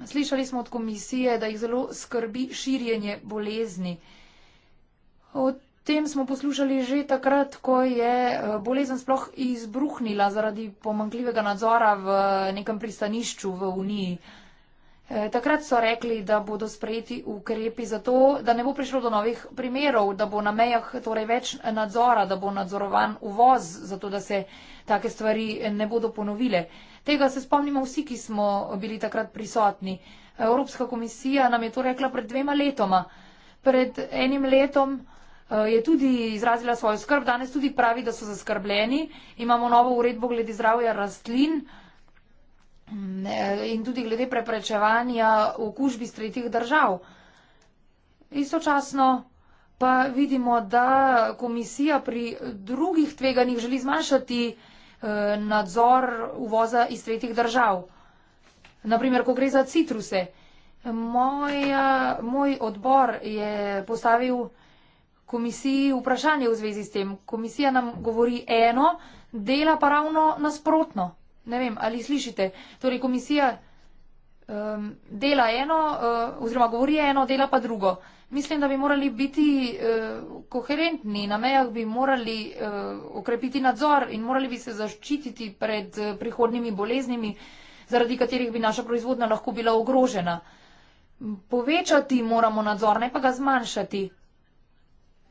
Slišali smo od komisije, da jih zelo skrbi širjenje bolezni. O tem smo poslušali že takrat, ko je bolezen sploh izbruhnila zaradi pomankljivega nadzora v nekem pristanišču v Uniji. Uh, Eh, takrat so rekli, da bodo sprejeti ukrepi za to, da ne bo prišlo do novih primerov, da bo na mejah torej več nadzora, da bo nadzorovan uvoz, zato da se take stvari eh, ne bodo ponovile. Tega se spomnimo vsi, ki smo bili takrat prisotni. Evropska komisija nam je to rekla pred dvema letoma. Pred enim letom eh, je tudi izrazila svojo skrb, danes tudi pravi, da so zaskrbljeni. Imamo novo uredbo glede zdravja rastlin in tudi glede preprečevanja okužb iz tretjih držav. Istočasno pa vidimo, da komisija pri drugih tveganjih želi zmanjšati eh, nadzor uvoza iz tretjih držav. Naprimer, ko gre za citruse. Moja, moj odbor je postavil komisiji vprašanje v zvezi s tem. Komisija nam govori eno, dela pa ravno nasprotno ne vem, ali slišite. Torej, komisija um, dela eno, uh, oziroma govori eno, dela pa drugo. Mislim, da bi morali biti uh, koherentni, na mejah bi morali uh, okrepiti nadzor in morali bi se zaščititi pred uh, prihodnimi boleznimi, zaradi katerih bi naša proizvodna lahko bila ogrožena. Povečati moramo nadzor, ne pa ga zmanjšati.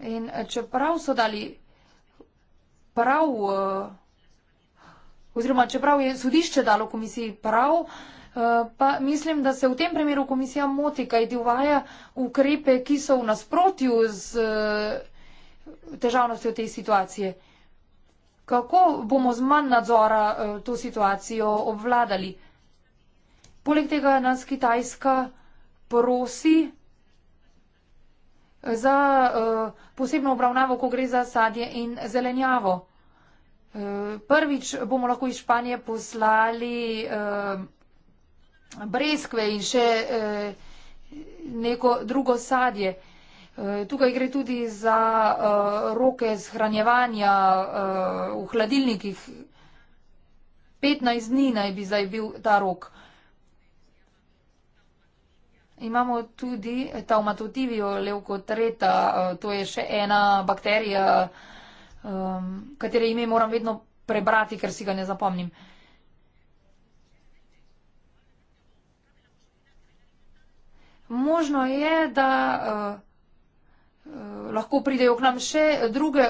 In eh, čeprav so dali prav. Uh, oziroma čeprav je sodišče dalo komisiji prav, eh, pa mislim, da se v tem primeru komisija moti, kaj ti uvaja ukrepe, ki so v nasprotju z eh, težavnostjo te situacije. Kako bomo z manj nadzora eh, to situacijo obvladali? Poleg tega nas Kitajska prosi za posebno obravnavo, ko gre za sadje in zelenjavo. Eh, prvič bomo lahko iz Španije poslali eh, breskve in še eh, neko drugo sadje. Tukaj gre tudi za roke shranjevanja v hladilnikih. 15 dni naj bi zdaj bil ta rok. Imamo tudi taumatotivijo levkotreta, to je še ena bakterija, ki je vsega um, katere ime moram vedno prebrati, ker si ga ne zapomnim. Možno je, da uh, uh, lahko pridejo k nam še druge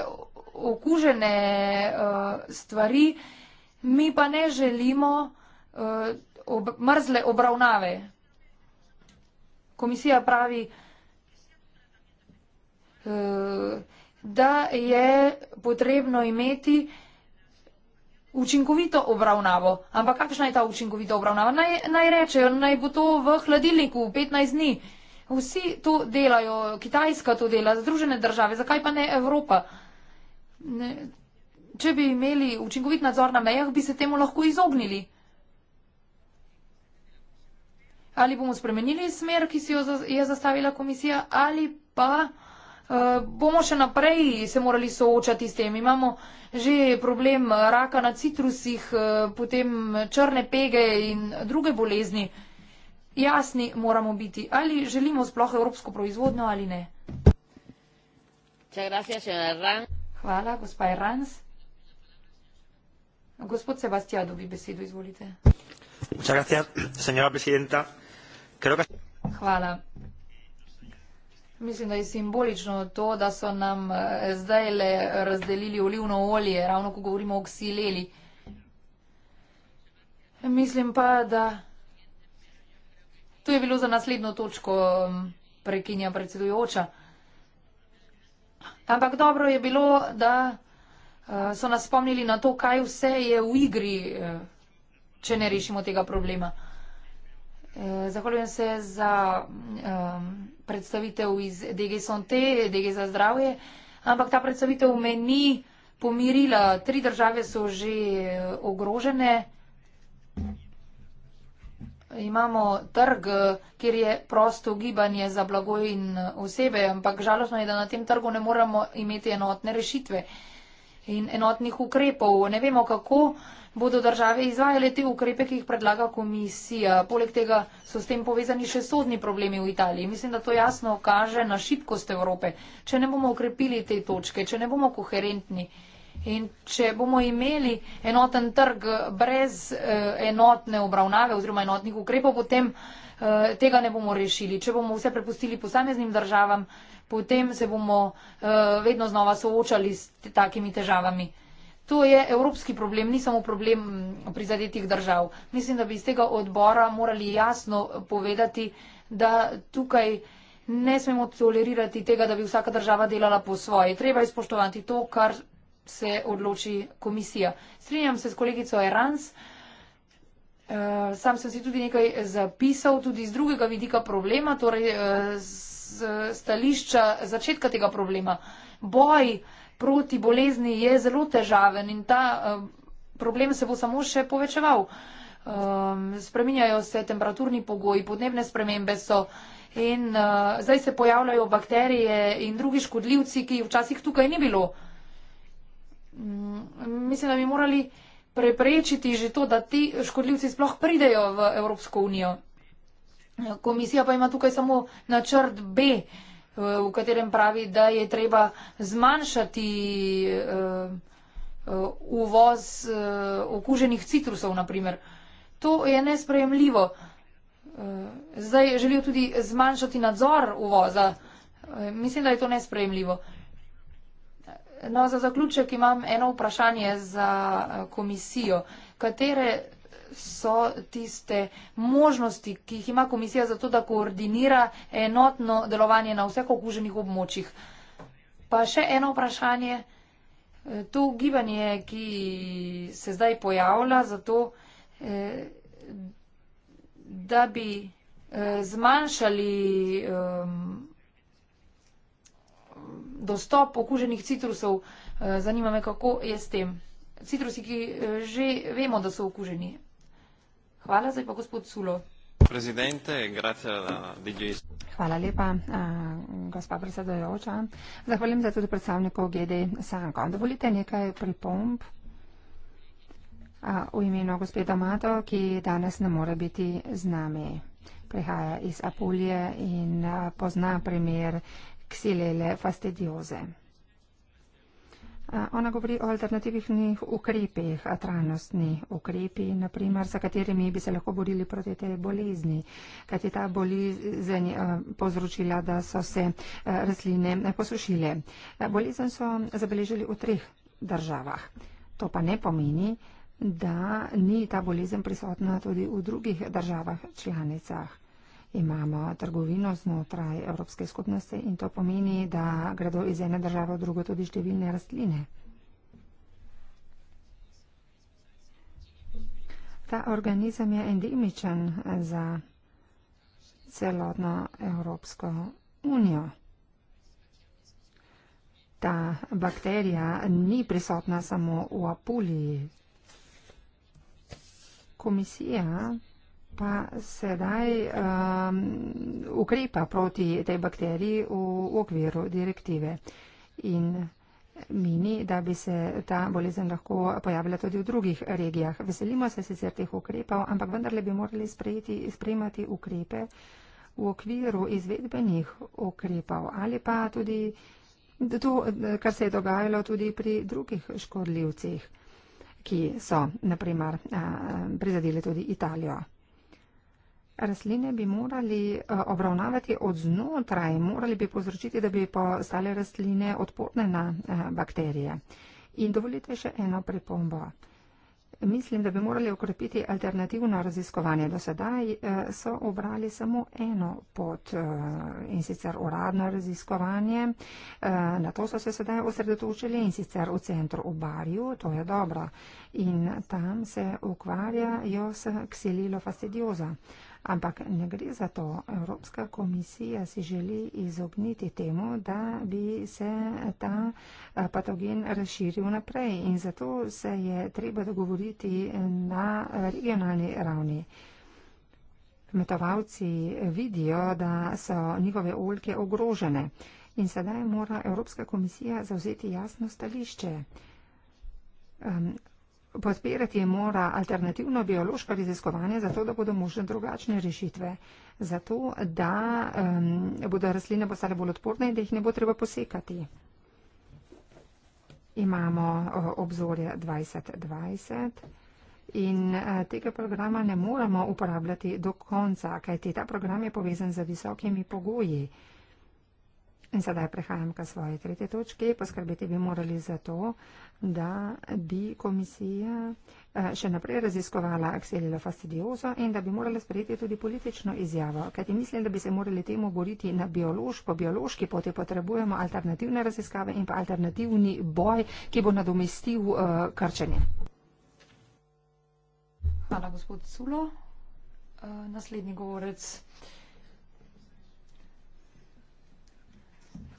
okužene uh, stvari, mi pa ne želimo uh, ob mrzle obravnave. Komisija pravi, uh, da je potrebno imeti učinkovito obravnavo. Ampak kakšna je ta učinkovita obravnava? Naj, naj rečejo, naj bo to v hladilniku 15 dni. Vsi to delajo, Kitajska to dela, Združene države, zakaj pa ne Evropa? Ne. Če bi imeli učinkovit nadzor na mejah, bi se temu lahko izognili. Ali bomo spremenili smer, ki si jo je zastavila komisija, ali pa. Eh, bomo še naprej se morali soočati s tem. Imamo že problem raka na citrusih, eh, potem črne pege in druge bolezni. Jasni moramo biti, ali želimo sploh evropsko proizvodno ali ne. Hvala, gospa Irans. Gospod Sebastian, dobi besedo, izvolite. Hvala. Mislim, da je simbolično to, da so nam eh, zdaj le razdelili olivno olje, ravno ko govorimo o ksileli. Mislim pa, da to je bilo za naslednjo točko prekinja predsedujoča. Ampak dobro je bilo, da eh, so nas spomnili na to, kaj vse je v igri, eh, če ne rešimo tega problema. Zahvaljujem se za um, predstavitev iz DG Sonte, DG za zdravje, ampak ta predstavitev me ni pomirila. Tri države so že eh, ogrožene. Imamo trg, kjer je prosto gibanje za blago in eh, osebe, ampak žalostno je, da na tem trgu ne moramo imeti enotne rešitve. Uh, in enotnih ukrepov. Ne vemo, kako bodo države izvajale te ukrepe, ki jih predlaga komisija. Poleg tega so s tem povezani še sodni problemi v Italiji. Mislim, da to jasno kaže na šibkost Evrope. Če ne bomo ukrepili te točke, če ne bomo koherentni in če bomo imeli enoten trg brez eh, enotne obravnave oziroma enotnih ukrepov, potem eh, tega ne bomo rešili. Če bomo vse prepustili posameznim državam, potem se bomo eh, vedno znova soočali s takimi težavami. To je evropski problem, ni samo problem mm, prizadetih držav. Mislim, da bi iz tega odbora morali jasno povedati, da tukaj ne smemo tolerirati tega, da bi vsaka država delala po svoje. Treba izpoštovati to, kar se odloči komisija. Strinjam se s kolegico Erans. Eh, sam sem si tudi nekaj zapisal, tudi z drugega vidika problema, torej s eh, stališča začetka tega problema. Boj proti bolezni je zelo težaven in ta eh, problem se bo samo še povečeval. Ehm, spreminjajo se temperaturni pogoji, podnebne spremembe so in eh, zdaj se pojavljajo bakterije in drugi škodljivci, ki včasih tukaj ni bilo. Mm, mislim, da bi morali preprečiti že to, da ti škodljivci sploh pridejo v Evropsko unijo. Komisija pa ima tukaj samo načrt B, eh, v katerem pravi, da je treba zmanjšati eh, eh, uvoz okuženih citrusov, naprimer. To je nesprejemljivo. Zdaj želijo tudi zmanjšati nadzor uvoza. Mislim, da je to nesprejemljivo. No, za zaključek imam eno vprašanje za komisijo. Katere so tiste možnosti, ki jih ima komisija za to, da koordinira enotno delovanje na vseh okuženih območjih. Pa še eno vprašanje. E, to gibanje, ki se zdaj pojavlja za to, e, da bi e, zmanjšali dostop okuženih citrusov, zanima me, kako je s tem. Citrusi, ki že vemo, da so okuženi. Hvala, zdaj pa gospod Sulo. Hvala lepa, uh, gospa predsedojoča. Zahvaljujem se tudi predstavnikov GD Sanko. Dovolite nekaj pripomb uh, v imenu gospeda Mato, ki danes ne more biti z nami. Prihaja iz Apulije in uh, pozna primer ksilele fastidioze. Eh, ona govori o alternativnih ukrepih, trajnostni ukrepi, naprimer, za katerimi bi se lahko borili proti te bolezni, kajti ta bolezen eh, povzročila, da so se eh, rastline posušile. Bolezen so zabeležili v treh državah. To pa ne pomeni, da ni ta bolezen prisotna tudi v drugih državah članicah imamo trgovino znotraj Evropske skupnosti in to pomeni, da gredo iz ene države v drugo tudi številne rastline. Ta organizem je endemičen za celotno Evropsko unijo. Ta bakterija ni prisotna samo v Apuliji. Komisija pa sedaj um, ukrepa proti tej bakteriji v, v okviru direktive in mini, da bi se ta bolezen lahko pojavila tudi v drugih regijah. Veselimo se sicer teh ukrepov, ampak vendarle bi morali sprejeti, sprejemati ukrepe v okviru izvedbenih ukrepov ali pa tudi to, kar se je dogajalo tudi pri drugih škodljivcih, ki so, naprimer, prizadeli tudi Italijo rastline bi morali eh, obravnavati od znotraj, morali bi povzročiti, da bi postale rastline odporne na eh, bakterije. In dovolite še eno pripombo. Mislim, da bi morali ukrepiti alternativno raziskovanje. Do sedaj eh, so obrali samo eno pot in sicer uradno raziskovanje. Na to so se sedaj osredotočili in sicer v centru v Barju, to je dobro. In tam se ukvarjajo s ksililo fastidioza. Ampak ne gre za to. Evropska komisija si želi izogniti temu, da bi se ta eh, patogen razširil naprej in zato se je treba dogovoriti na regionalni ravni. Kmetovalci vidijo, da so njihove oljke ogrožene in sedaj mora Evropska komisija zauzeti jasno stališče. Podpirati mora alternativno biološko raziskovanje, zato da bodo možne drugačne rešitve, zato da um, bodo rastline postale bolj odporne in da jih ne bo treba posekati. Imamo uh, obzorje 2020 in uh, tega programa ne moramo uporabljati do konca, kajti ta program je povezan z visokimi pogoji. Uh, In sedaj prehajam k svoji tretji točki. Poskrbeti bi morali za to, da bi komisija eh, še naprej raziskovala akselilo fastidiozo in da bi morala sprejeti tudi politično izjavo, kajti mislim, da bi se morali temu boriti na biološko, biološki poti potrebujemo alternativne raziskave in pa alternativni boj, ki bo nadomestil uh, krčenje. Hvala, gospod Culo. Uh, naslednji govorec. Uh,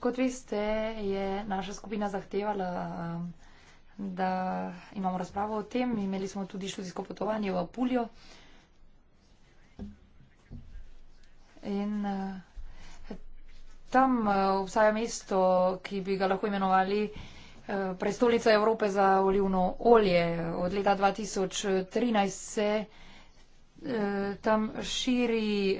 Kot veste, je naša skupina zahtevala, um, da imamo razpravo o tem. Imeli smo tudi študijsko potovanje v Apuljo. In uh, tam uh, obstaja mesto, ki bi ga lahko imenovali uh, prestolnica Evrope za olivno olje. Od leta 2013 se tam širi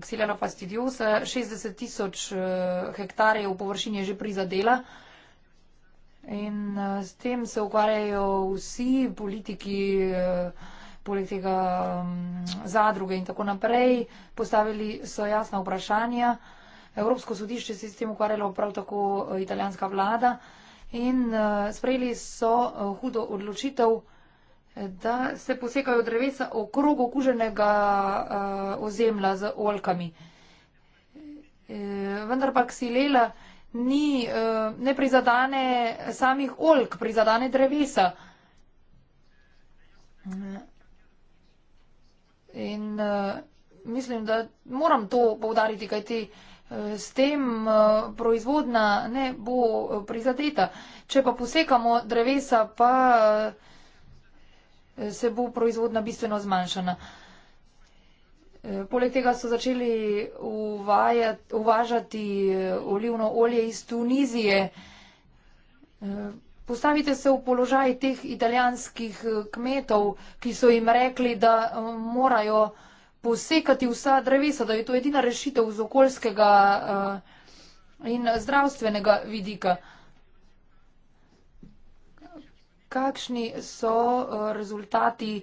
Xylella ehm, fastidiosa, 60 tisoč eh, hektarjev površin je že prizadela. In eh, s tem se ukvarjajo vsi politiki, eh, poleg tega mm, zadruge in tako naprej. Postavili so jasna vprašanja. Evropsko sodišče se je s tem ukvarjalo prav tako italijanska vlada in sprejeli so hudo odločitev, da se posekajo drevesa okrog okuženega uh, ozemlja z olkami. E, eh, vendar pa ksilela ni, uh, ne prizadane samih olk, prizadane drevesa. In uh, mislim, da moram to povdariti, kajti uh, s tem uh, proizvodna ne bo prizadeta. Če pa posekamo drevesa, pa. Uh, se bo proizvodna bistveno zmanjšana. E, poleg tega so začeli uvajati, uvažati e, olivno olje iz Tunizije. E, postavite se v položaj teh italijanskih kmetov, ki so jim rekli, da morajo posekati vsa drevesa, da je to edina rešitev z okoljskega in zdravstvenega vidika kakšni so eh, rezultati eh,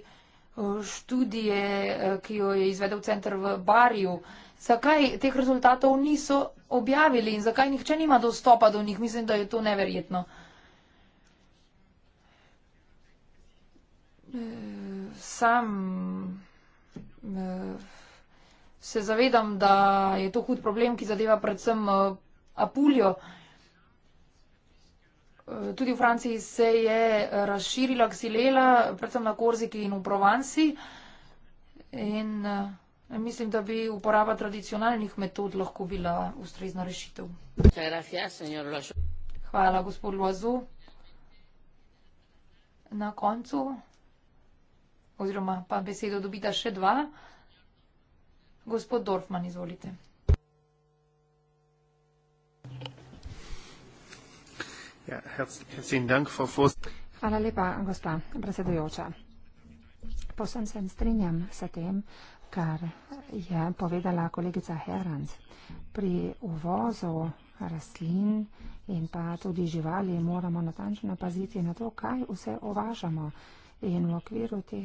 študije, eh, ki jo je izvedel center v Barju. Zakaj teh rezultatov niso objavili in zakaj nihče nima dostopa do njih? Mislim, da je to neverjetno. Sam se zavedam, da je to hud problem, ki zadeva predvsem Apuljo tudi v Franciji se je razširila ksilela, predvsem na Korziki in v Provansi. In eh, mislim, da bi uporaba tradicionalnih metod lahko bila ustrezna rešitev. Hvala, gospod Loazu. Na koncu, oziroma pa besedo dobita še dva. Gospod Dorfman, izvolite. Ja, herzlichen Dank, Frau Voss. Hvala lepa, gospa predsedujoča. Posem se strinjam s tem, kar je povedala kolegica Herand. Pri uvozu rastlin in pa tudi živali moramo natančno paziti na to, kaj vse ovažamo. In v okviru te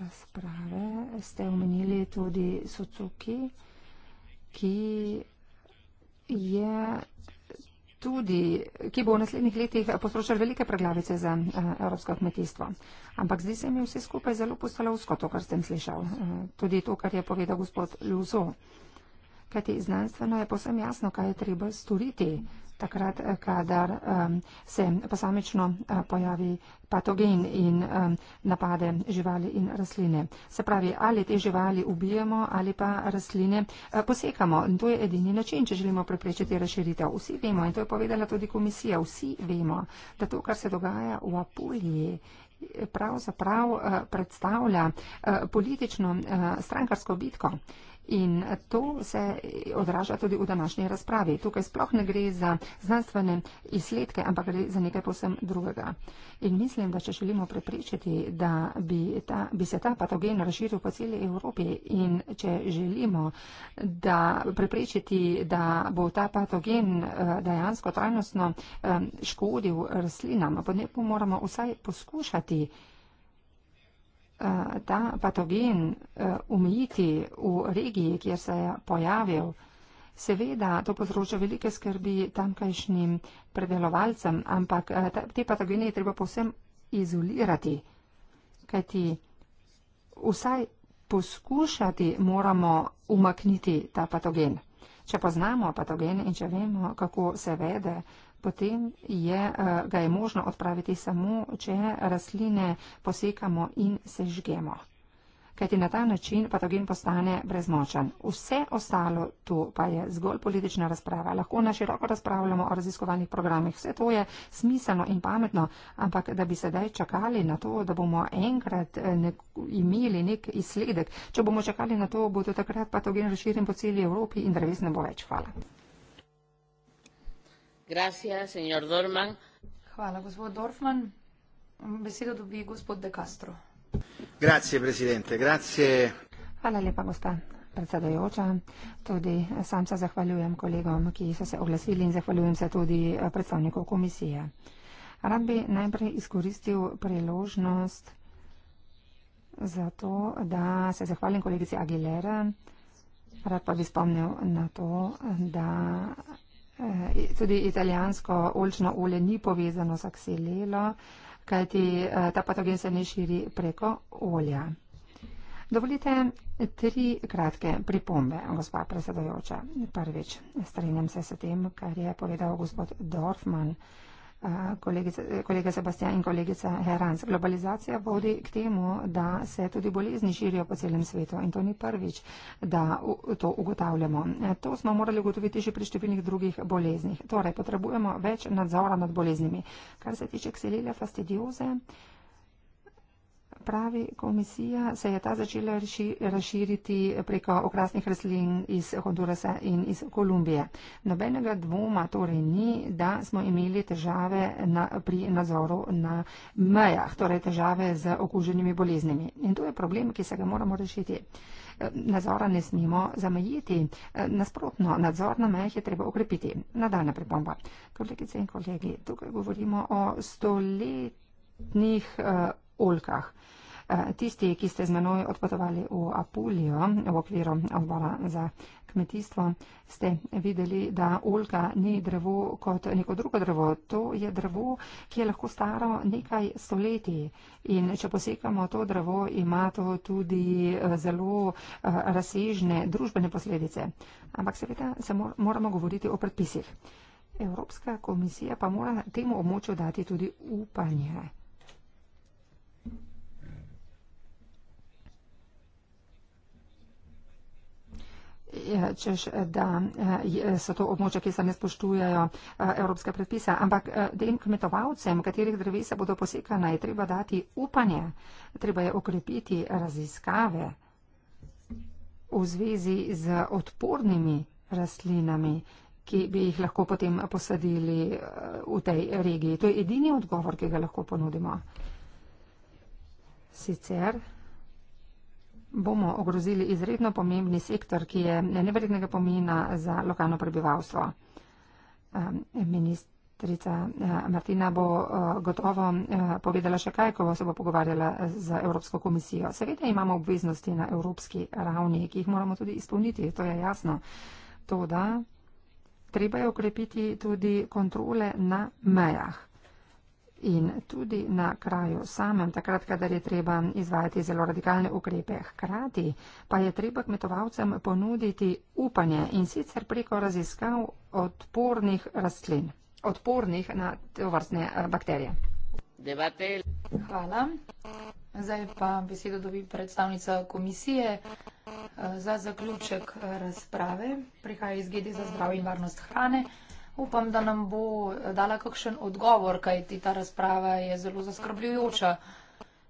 razprave ste omenili tudi Suzuki, ki je tudi, ki bo v naslednjih letih posrošal velike preglavice za uh, evropsko kmetijstvo. Ampak zdi se mi vse skupaj zelo postalo usko, to, kar sem slišal. Uh, tudi to, kar je povedal gospod Ljuzo. Kajti znanstveno je posem jasno, kaj je treba storiti, takrat, eh, kadar se posamično eh, pojavi patogen in napade živali in rastline. Se pravi, ali te živali ubijemo ali pa rastline eh, posekamo. In to je edini način, če želimo preprečiti razširitev. Vsi vemo, in to je povedala tudi komisija, vsi vemo, da to, kar se dogaja v Apulji pravzaprav predstavlja politično strankarsko bitko. In to se odraža tudi v današnji razpravi. Tukaj sploh ne gre za znanstvene izsledke, ampak gre za nekaj posem drugega. In mislim, da če želimo prepričati, da bi, ta, bi se ta patogen razširil po celi Evropi in če želimo da prepričati, da bo ta patogen eh, dejansko trajnostno eh, škodil rastlinam, potem moramo vsaj poskušati Eh, ta patogen umijiti eh, v regiji, kjer se je pojavil, seveda to povzroča velike skrbi tamkajšnjim predelovalcem, ampak eh, te patogene je treba povsem izolirati, kajti vsaj poskušati moramo umakniti ta patogen. Če poznamo patogen in če vemo, kako se vede, potem je, eh, ga je možno odpraviti samo, če rastline posekamo in sežgemo. Kajti na ta način patogen postane brezmočen. Vse ostalo tu pa je zgolj politična razprava. Lahko na široko razpravljamo o raziskovalnih programih. Vse to je smiselno in pametno, ampak da bi sedaj čakali na to, da bomo enkrat eh, nek imeli nek izsledek. Če bomo čakali na to, bo to takrat patogen razširjen po celi Evropi in dreves ne bo več. Hvala. Gracias, señor Dorman. Hvala, gospod Dorfman. Besedo dobi gospod De Castro. Grazie, presidente. Grazie. Hvala lepa, gospa predsedojoča. Tudi sam se zahvaljujem kolegom, ki so se oglasili in zahvaljujem se tudi eh, predstavniku komisije. Rad bi najprej izkoristil priložnost za to, da se zahvalim kolegici Aguilera. Rad pa bi spomnil na to, da Eh, tudi italijansko olčno olje ni povezano z akselelo, kajti eh, ta patogen se ne širi preko olja. Dovolite tri kratke pripombe, gospa predsedojoča. Prvič, strinjam se s tem, kar je povedal gospod Dorfman kolega Sebastian in kolegica Herans. Globalizacija vodi k temu, da se tudi bolezni širijo po celem svetu in to ni prvič, da to ugotavljamo. E, to smo morali ugotoviti že pri številnih drugih boleznih. Torej, potrebujemo več nadzora nad boleznimi. Kar se tiče ksilile fastidioze, pravi komisija, se je ta začela razširiti preko okrasnih rastlin iz Hondurasa in iz Kolumbije. Nobenega dvoma torej ni, da smo imeli težave na, pri nadzoru na mejah, torej težave z okuženimi boleznimi. In to je problem, ki se ga moramo rešiti. Nadzora ne smemo zamejiti. Nasprotno, nadzor na mejah je treba ukrepiti. Nadaljna pripomba. Kolegice in kolegi, tukaj govorimo o stoletnih. Uh, oljkah. Eh, tisti, ki ste z menoj odpotovali v Apulijo v okviru odbora za kmetijstvo, ste videli, da oljka ni drevo kot neko drugo drevo. To je drevo, ki je lahko staro nekaj stoletij. In če posekamo to drevo, ima to tudi eh, zelo eh, razsežne družbene posledice. Ampak seveda se moramo govoriti o predpisih. Evropska komisija pa mora temu območju dati tudi upanje. Ja, češ, da eh, so to območja, ki se ne spoštujejo eh, evropske predpise. Ampak eh, tem kmetovalcem, katerih drevesa bodo posekana, je treba dati upanje, treba je okrepiti raziskave v zvezi z odpornimi rastlinami, ki bi jih lahko potem posadili v tej regiji. To je edini odgovor, ki ga lahko ponudimo. Sicer bomo ogrozili izredno pomembni sektor, ki je nevrednega pomena za lokalno prebivalstvo. Ministrica eh, Martina bo eh, gotovo eh, povedala še kaj, ko se bo pogovarjala z Evropsko komisijo. Seveda imamo obveznosti na evropski ravni, ki jih moramo tudi izpolniti, to je jasno. To, da treba je ukrepiti tudi kontrole na mejah in tudi na kraju samem, takrat, kadar je treba izvajati zelo radikalne ukrepe. Hkrati pa je treba kmetovalcem ponuditi upanje in sicer preko raziskav odpornih rastlin, odpornih na tovrstne eh, bakterije. Hvala. Zdaj pa besedo dobi predstavnica komisije eh, za zaključek eh, razprave. Prihaja iz GD za zdravje in varnost hrane upam, da nam bo dala kakšen odgovor, kaj ti ta razprava je zelo zaskrbljujoča.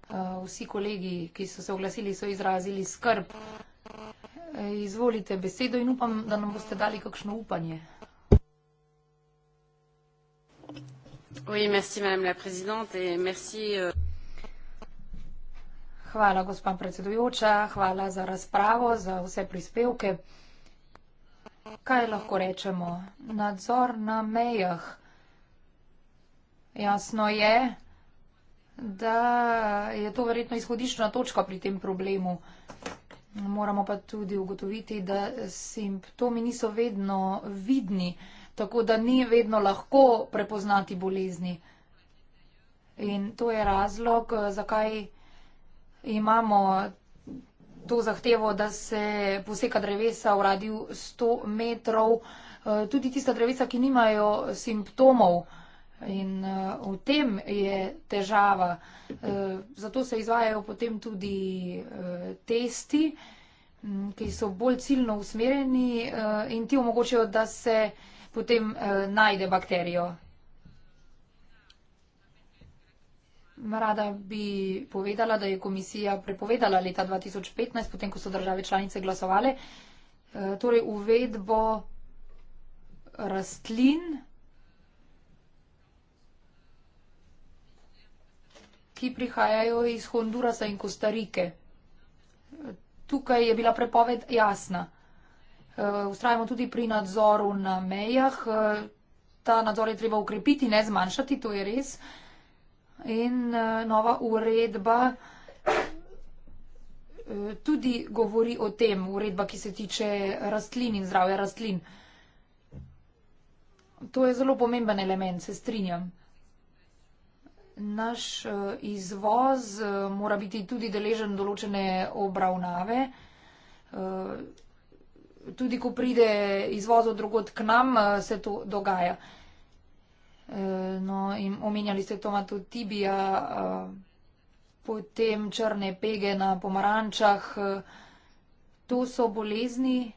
Eh, vsi kolegi, ki so se oglasili, so izrazili skrb. Eh, izvolite besedo in upam, da nam boste dali kakšno upanje. Oui, merci, merci, uh... Hvala, gospod predsedujoča, hvala za razpravo, za vse prispevke kaj lahko rečemo, nadzor na mejah. Jasno je, da je to verjetno izhodiščna točka pri tem problemu. Moramo pa tudi ugotoviti, da simptomi niso vedno vidni, tako da ni vedno lahko prepoznati bolezni. In to je razlog, zakaj imamo to zahtevo, da se poseka drevesa v radiju 100 metrov, e, tudi tista drevesa, ki nimajo simptomov. In e, v tem je težava. E, zato se izvajajo potem tudi testi, ki so bolj ciljno usmerjeni in ti omogočajo, da se potem najde bakterijo Rada bi povedala, da je komisija prepovedala leta 2015, potem ko so države članice glasovale, e, torej uvedbo rastlin, ki prihajajo iz Hondurasa in Kostarike. E, tukaj je bila prepoved jasna. Ustrajamo e, tudi pri nadzoru na mejah. Ta nadzor je treba ukrepiti, ne zmanjšati, to je res in eh, nova uredba eh, tudi govori o tem, uredba, ki se tiče rastlin in zdravja rastlin. To je zelo pomemben element, se strinjam. Naš eh, izvoz mora biti tudi deležen določene obravnave. Tudi ko pride izvoz od drugot k nam, se to dogaja. Eh, no, in omenjali ste to matu Tibija, eh, potem črne pege na pomarančah. Eh, to so bolezni,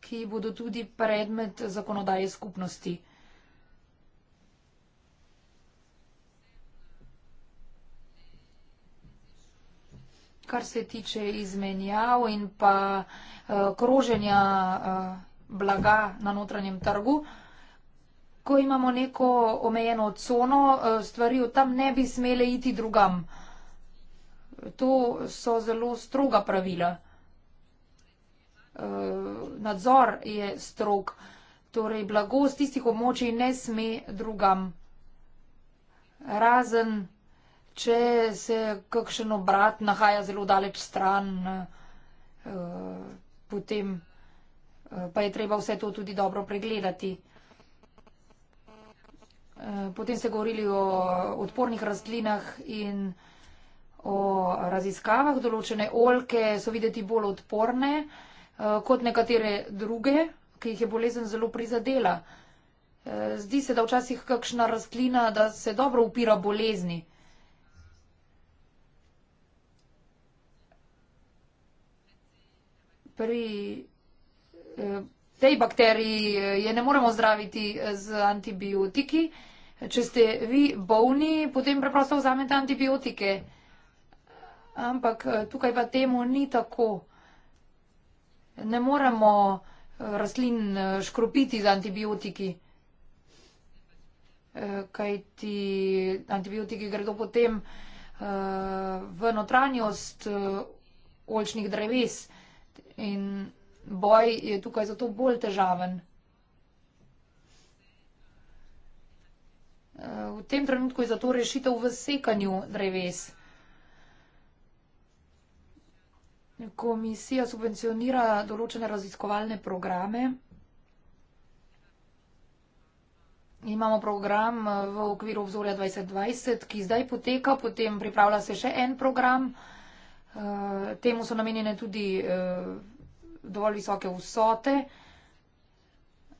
ki bodo tudi predmet zakonodaje skupnosti. Kar se tiče izmenjav in pa uh, kroženja uh, blaga na notranjem trgu, uh, ko imamo neko omejeno cono eh, stvari, tam ne bi smele iti drugam. To so zelo stroga pravila. Eh, nadzor je strog, torej blago z tistih območij ne sme drugam. Razen, če se kakšen obrat nahaja zelo daleč stran, eh, potem pa je treba vse to tudi dobro pregledati. Eh, potem ste govorili o odpornih rastlinah in o raziskavah. Določene oljke so videti bolj odporne eh, kot nekatere druge, ki jih je bolezen zelo prizadela. Eh, zdi se, da včasih kakšna rastlina, da se dobro upira bolezni. Pri tej bakteriji je ne moremo zdraviti z antibiotiki če ste vi bolni, potem preprosto vzamete antibiotike. Ampak eh, tukaj pa temu ni tako. Ne moramo eh, rastlin eh, škropiti z antibiotiki, kaj ti antibiotiki gredo potem v notranjost oljčnih dreves in boj je tukaj zato bolj težaven. Eh, v tem trenutku je zato rešitev v sekanju dreves. Komisija subvencionira določene raziskovalne programe. Imamo program eh, v okviru obzorja 2020, ki zdaj poteka, potem pripravlja se še en program. Eh, temu so namenjene tudi dovolj visoke vsote.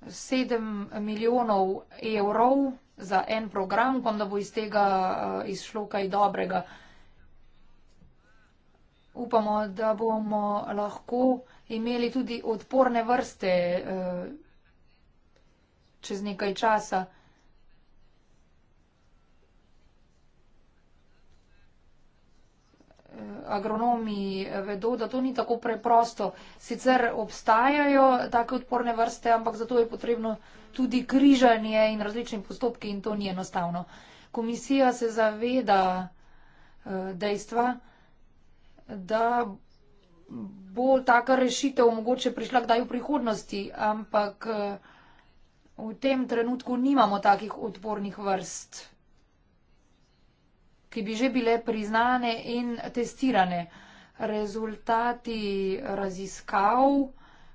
7 milijonov evrov za en program, upam, da bo iz tega eh, izšlo kaj dobrega. Upamo, da bomo lahko imeli tudi odporne vrste eh, čez nekaj časa. Eh, agronomi vedo, da to ni tako preprosto. Sicer obstajajo take odporne vrste, ampak zato je potrebno tudi križanje in različni postopki in to ni enostavno. Komisija se zaveda eh, dejstva, da bo taka rešitev mogoče prišla kdaj v prihodnosti, ampak eh, v tem trenutku nimamo takih odpornih vrst, ki bi že bile priznane in testirane. Rezultati raziskav,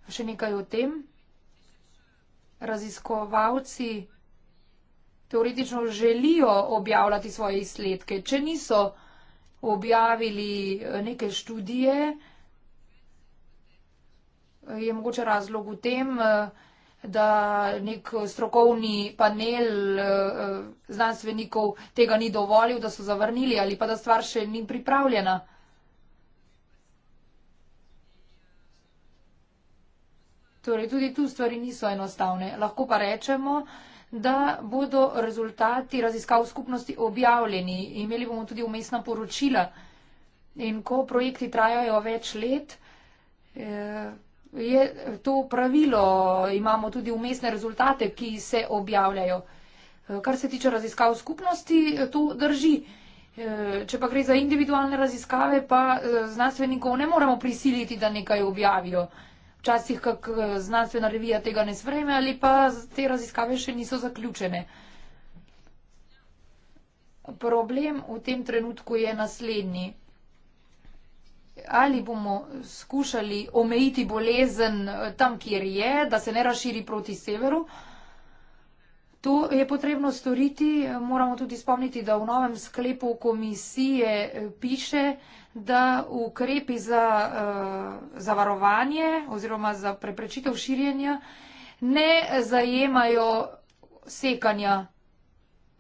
še nekaj o tem raziskovalci teoretično želijo objavljati svoje izsledke. Če niso objavili eh, neke študije, je mogoče razlog v tem, eh, da nek strokovni panel eh, znanstvenikov tega ni dovolil, da so zavrnili ali pa da stvar še ni pripravljena. Torej, tudi tu stvari niso enostavne. Lahko pa rečemo, da bodo rezultati raziskav skupnosti objavljeni. Imeli bomo tudi umestna poročila. In ko projekti trajajo več let, eh, je to pravilo, imamo tudi umestne rezultate, ki se objavljajo. Eh, kar se tiče raziskav skupnosti, eh, to drži. Če pa gre za individualne raziskave, pa znanstvenikov ne moramo prisiliti, da nekaj objavijo včasih kak eh, znanstvena revija tega ne spreme ali pa te raziskave še niso zaključene. Problem v tem trenutku je naslednji. Ali bomo skušali omejiti bolezen eh, tam, kjer je, da se ne razširi proti severu, To je potrebno storiti. Moramo tudi spomniti, da v novem sklepu komisije eh, piše, da ukrepi za eh, zavarovanje oziroma za preprečitev širjenja ne zajemajo sekanja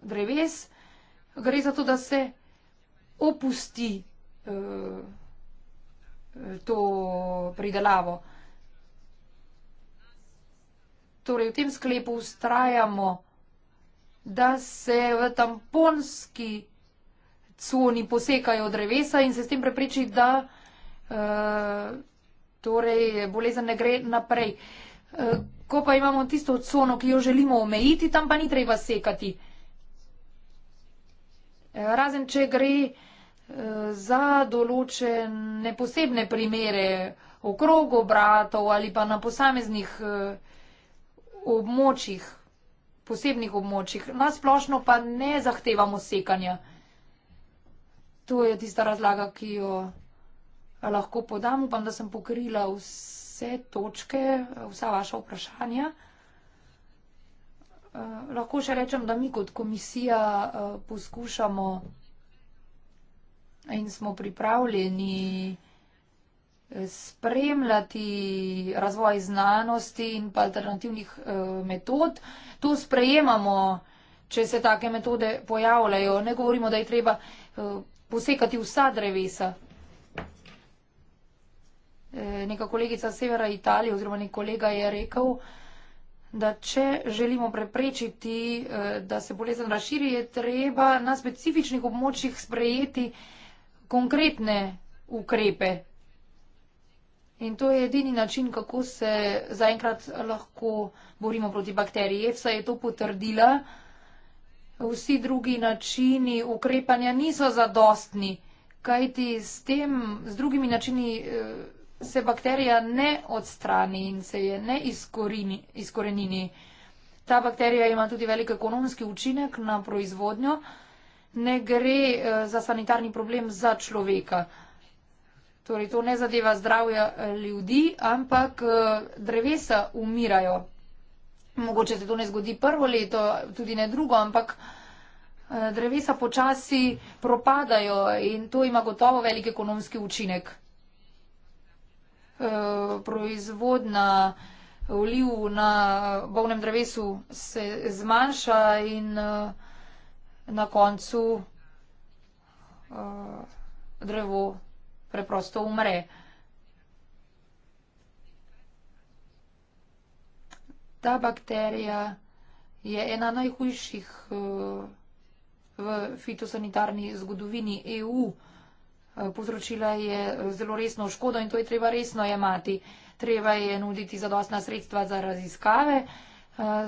dreves. Gre za to, da se opusti eh, to pridelavo. Torej, v tem sklepu ustrajamo, da se v tamponski coni posekajo drevesa in se s tem prepreči, da uh, torej bolezen ne gre naprej. Uh, ko pa imamo tisto cono, ki jo želimo omejiti, tam pa ni treba sekati. Eh, razen, če gre za določene posebne primere okrogobratov ali pa na posameznih območjih posebnih območjih. Na splošno pa ne zahtevamo sekanja. To je tista razlaga, ki jo lahko podam. Upam, da sem pokrila vse točke, vsa vaša vprašanja. Eh, lahko še rečem, da mi kot komisija eh, poskušamo in smo pripravljeni spremljati razvoj znanosti in pa alternativnih eh, metod. To sprejemamo, če se take metode pojavljajo. Ne govorimo, da je treba eh, posekati vsa drevesa. Eh, neka kolegica severa Italije oziroma nek kolega je rekel, da če želimo preprečiti, da se bolezen razširi, je treba na specifičnih območjih sprejeti konkretne ukrepe, In to je edini način, kako se zaenkrat lahko borimo proti bakteriji. EFSA je to potrdila. Vsi drugi načini ukrepanja niso zadostni, kajti s, tem, s drugimi načini eh, se bakterija ne odstrani in se je ne izkorini, izkorenini. Ta bakterija ima tudi velik ekonomski učinek na proizvodnjo. Ne gre eh, za sanitarni problem za človeka. Torej, to ne zadeva zdravja eh, ljudi, ampak eh, drevesa umirajo. Mogoče se to ne zgodi prvo leto, tudi ne drugo, ampak eh, drevesa počasi propadajo in to ima gotovo velik ekonomski učinek. Proizvodna oliv na bovnem drevesu se zmanjša in na koncu drevo preprosto umre. Ta bakterija je ena najhujših eh, v fitosanitarni zgodovini EU. Eh, povzročila je eh, zelo resno škodo in to je treba resno jemati. Treba je nuditi zadostna sredstva za raziskave,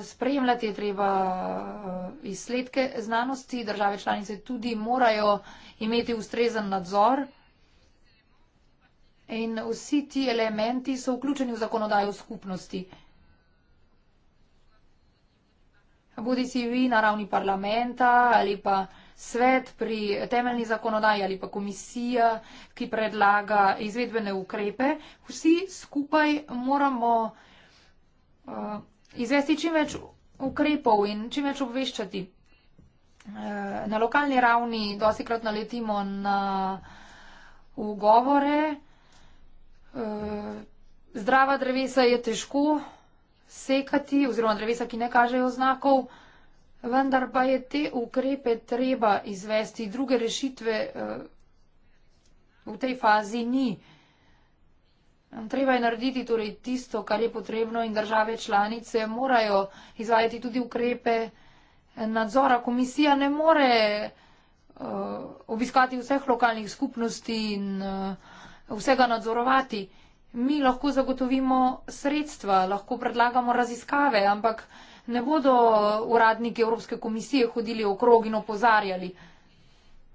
spremljati je treba izsledke znanosti, države članice tudi morajo imeti ustrezen nadzor in vsi ti elementi so vključeni v zakonodajo skupnosti. Bodi si vi na ravni parlamenta ali pa svet pri temeljni zakonodaji ali pa komisija, ki predlaga izvedbene ukrepe, vsi skupaj moramo uh, izvesti čim več ukrepov in čim več obveščati. Eh, na lokalni ravni dosikrat naletimo na ugovore, Eh, zdrava drevesa je težko sekati oziroma drevesa, ki ne kažejo znakov, vendar pa je te ukrepe treba izvesti. Druge rešitve eh, v tej fazi ni. Treba je narediti torej tisto, kar je potrebno in države članice morajo izvajati tudi ukrepe nadzora. Komisija ne more uh, obiskati vseh lokalnih skupnosti in uh, vsega nadzorovati. Mi lahko zagotovimo sredstva, lahko predlagamo raziskave, ampak ne bodo uradniki Evropske komisije hodili okrog in opozarjali.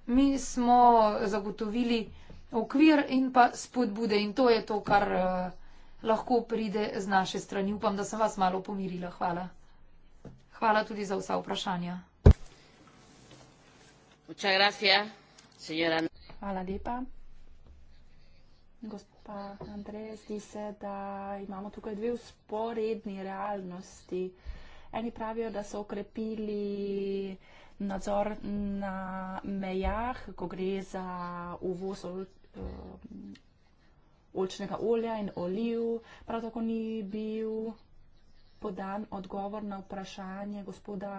Mi smo zagotovili okvir in pa spodbude in to je to, kar eh, lahko pride z naše strani. Upam, da sem vas malo pomirila. Hvala. Hvala tudi za vsa vprašanja. Hvala lepa. Gospa Andreja, zdi se, da imamo tukaj dve usporedni realnosti. Eni pravijo, da so okrepili nadzor na mejah, ko gre za uvoz ol, eh, olčnega olja in oliv. Prav tako ni bil podan odgovor na vprašanje gospoda.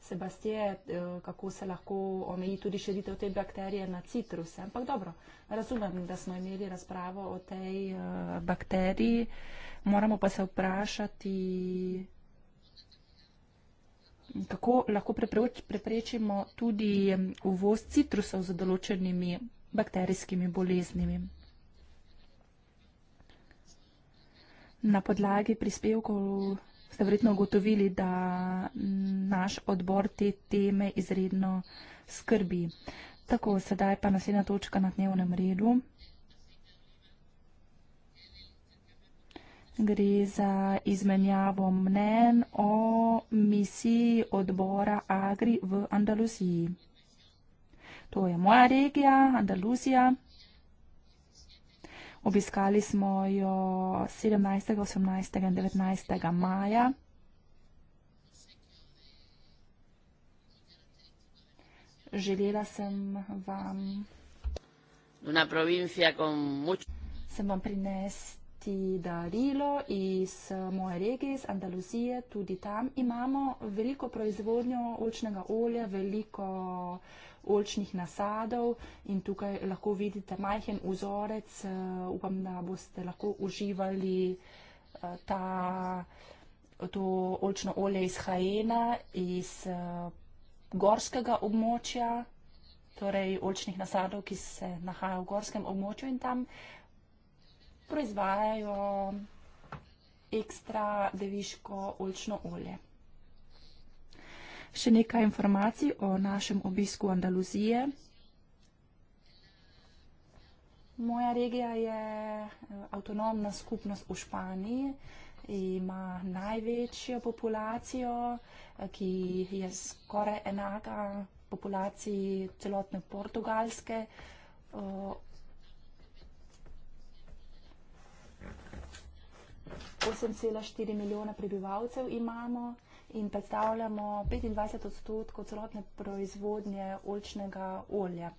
Sebastije, eh, kako se lahko omeji tudi širitev te bakterije na citruse. Ampak dobro, razumem, da smo imeli razpravo o tej eh, bakteriji, moramo pa se vprašati, kako lahko preprečimo tudi eh, uvoz citrusov z določenimi bakterijskimi boleznimi. Na podlagi prispevkov ste verjetno ugotovili, da naš odbor te teme izredno skrbi. Tako, sedaj pa naslednja točka na dnevnem redu. Gre za izmenjavo mnen o misiji odbora Agri v Andaluziji. To je moja regija, Andaluzija. Obiskali smo jo 17., 18. in 19. maja. Želela sem vam, sem vam prinesti darilo iz eh, moje regije, iz Andaluzije. Tudi tam imamo veliko proizvodnjo olčnega olja, veliko oljčnih nasadov in tukaj lahko vidite majhen vzorec. Eh, upam, da boste lahko uživali eh, ta, to oljčno olje iz Hajena, iz eh, gorskega območja, torej oljčnih nasadov, ki se nahajajo v gorskem območju in tam proizvajajo ekstra deviško oljčno olje. Še nekaj informacij o našem obisku Andaluzije. Moja regija je eh, avtonomna skupnost v Španiji. Ima največjo populacijo, eh, ki je skoraj enaka populaciji celotne portugalske. Uh, 8,4 milijona prebivalcev imamo in predstavljamo 25 odstotkov celotne proizvodnje oljčnega olja.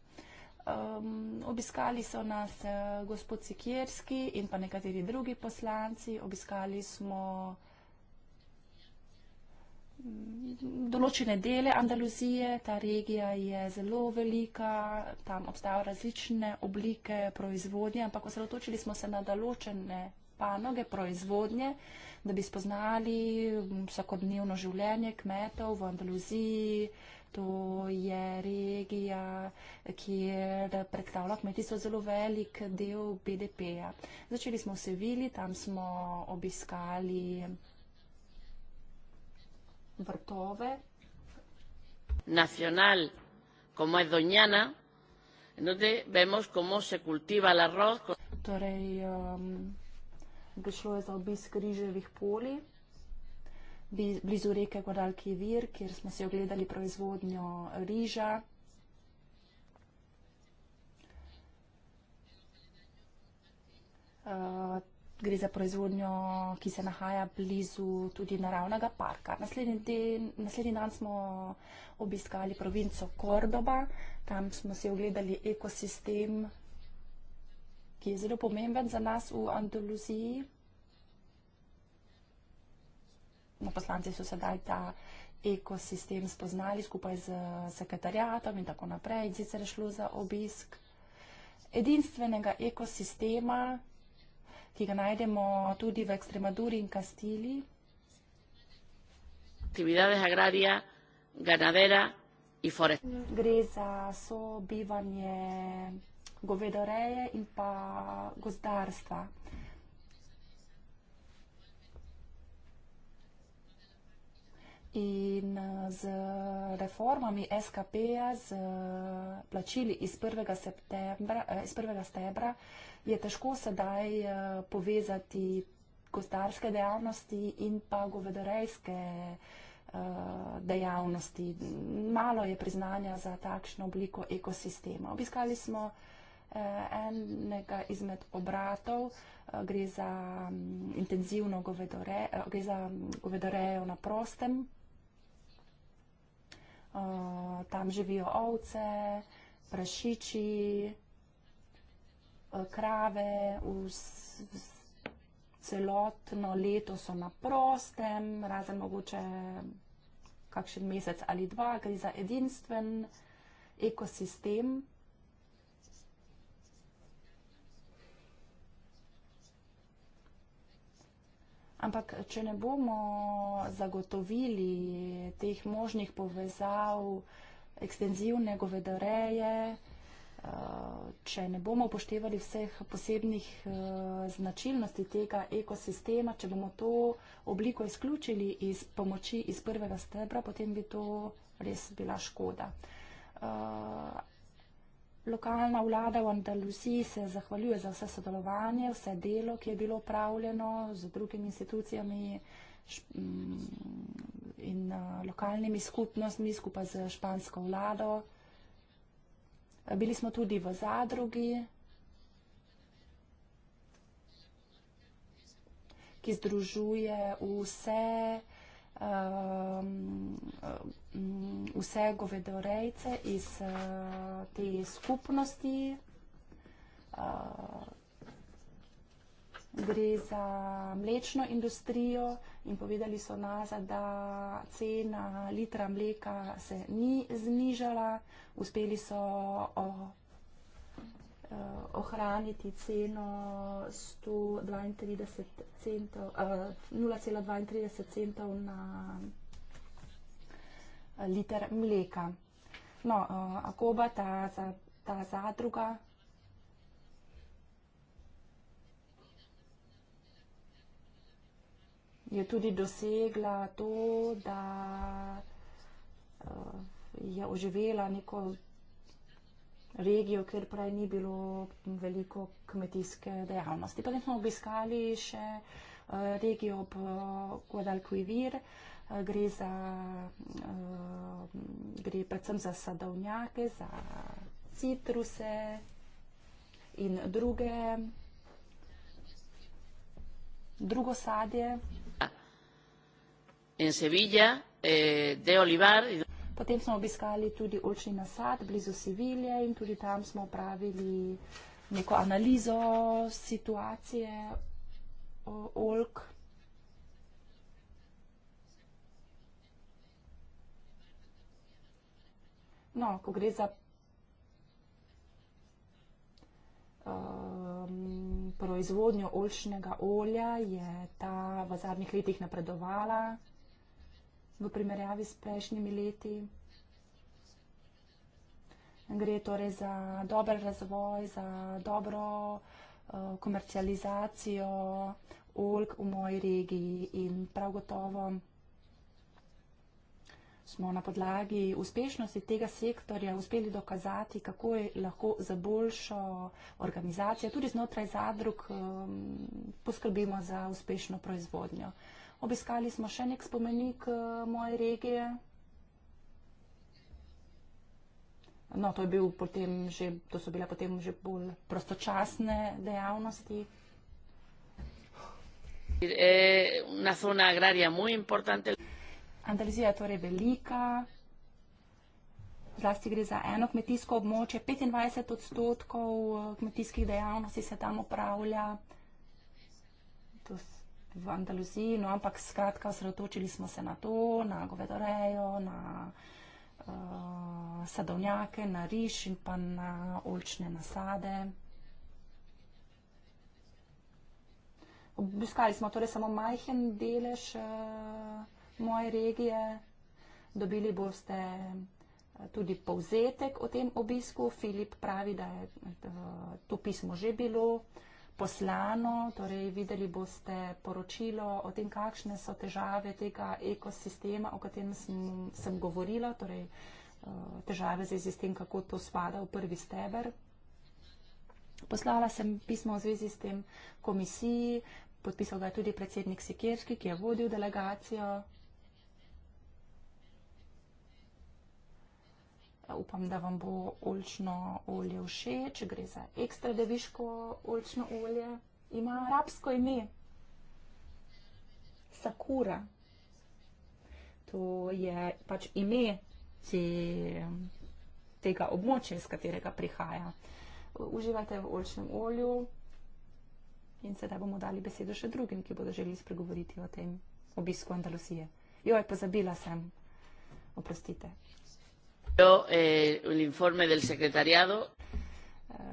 Um, obiskali so nas eh, gospod Sikirski in pa nekateri drugi poslanci, obiskali smo mm, določene dele Andaluzije, ta regija je zelo velika, tam obstajajo različne oblike proizvodnje, ampak osredotočili smo se na določene panoge proizvodnje, uh, da bi spoznali vsakodnevno življenje kmetov v Andaluziji. To je regija, kjer predstavlja kmetijstvo zelo velik del BDP-ja. Začeli smo v Sevili, tam smo obiskali vrtove. Nacional, como je Doñana, Entonces vemos cómo se cultiva el arroz. Torej, um, da šlo je za obisk križevih poli blizu reke Guadalquivir, kjer smo si ogledali proizvodnjo riža. Eh, gre za proizvodnjo, ki se nahaja blizu tudi naravnega parka. Naslednji dan smo obiskali provinco Kordoba, tam smo si ogledali ekosistem ki je zelo pomemben za nas v Andaluziji. No, poslanci so sedaj ta ekosistem spoznali skupaj z sekretarjatom in tako naprej. In sicer je šlo za obisk edinstvenega ekosistema, ki ga najdemo tudi v Ekstremaduri in Kastili. Agraria, ganadera, Gre za sobivanje govedoreje in pa gozdarstva. In eh, z reformami SKP-ja, z eh, plačili iz prvega, septembra, eh, iz prvega stebra, je težko sedaj povezati gozdarske dejavnosti in pa govedorejske dejavnosti. Malo je priznanja za takšno obliko ekosistema. Obiskali smo uh, enega izmed obratov, eh, gre za mm, intenzivno govedore, eh, gre za mm, govedorejo na prostem. Eh, tam živijo ovce, prašiči, krave, celotno leto so na prostem, razen mogoče kakšen mesec ali dva, gre za edinstven ekosistem. Ampak, če ne bomo zagotovili teh možnih povezav, ekstenzivne govedoreje, eh, če ne bomo upoštevali vseh posebnih eh, značilnosti tega ekosistema, če bomo to obliko izključili iz pomoči iz prvega stebra, potem bi to res bila škoda. Eh, lokalna vlada v Andaluziji se zahvaljuje za vse sodelovanje, vse delo, ki je bilo upravljeno z drugimi institucijami mm, in lokalnimi skupnostmi skupaj z špansko vlado. Bili smo tudi v zadrugi, ki združuje vse vse, Um, vse govedorejce iz uh, te skupnosti. Uh, gre za mlečno industrijo in povedali so nas, da cena litra mleka se ni znižala. Uspeli so uh, uh, ohraniti ceno 132 centov, uh, eh, 0,32 centov na eh, liter mleka. No, uh, Akoba, ta, za, ta zadruga. Je tudi dosegla to, da uh, je oživela neko regijo, kjer prej ni bilo veliko kmetijske dejavnosti. Potem smo obiskali še eh, regijo ob eh, Guadalquivir, eh, gre, za, gre predvsem za sadovnjake, za citruse in druge, drugo sadje. In Sevilla, eh, de olivar. In... Potem smo obiskali tudi oljčni nasad blizu Sivilje in tudi tam smo upravili neko analizo situacije oljk. No, ko gre za um, proizvodnjo oljčnega olja, je ta v zadnjih letih napredovala v primerjavi s prejšnjimi leti. Gre torej za dober razvoj, za dobro eh, komercializacijo oljk v moji regiji in prav gotovo smo na podlagi uspešnosti tega sektorja uspeli dokazati, kako je lahko za boljšo organizacijo, tudi znotraj zadrug, eh, poskrbimo za uspešno proizvodnjo. Obiskali smo še nek spomenik eh, moje regije. No, to, že, to so bile potem že bolj prostočasne dejavnosti. Eh, Andalizija je torej velika. Zlasti gre za eno kmetijsko območje. 25 odstotkov eh, kmetijskih dejavnosti se tam upravlja. To so v Andaluziji, no, ampak skratka, osredotočili smo se na to, na govedorejo, na uh, sadovnjake, na riš in pa na oljčne nasade. Obiskali smo torej samo majhen delež uh, moje regije, dobili boste eh, tudi povzetek o tem obisku. Filip pravi, da je uh, to pismo že bilo uh, poslano, torej videli boste poročilo o tem, kakšne so težave tega ekosistema, o katerem sem, sem govorila, torej eh, težave z tem, kako to spada v prvi steber. Poslala sem pismo v zvezi s tem komisiji, podpisal ga je tudi predsednik Sikerski, ki je vodil delegacijo Upam, da vam bo olčno olje všeč, gre za ekstra deviško olčno olje. Ima arabsko ime. Sakura. To je pač ime te, tega območja, iz katerega prihaja. Uživate v olčnem olju in sedaj bomo dali besedo še drugim, ki bodo želeli spregovoriti o tem obisku Andalusije. Joj, pozabila sem. Oprostite el eh, informe del secretariado.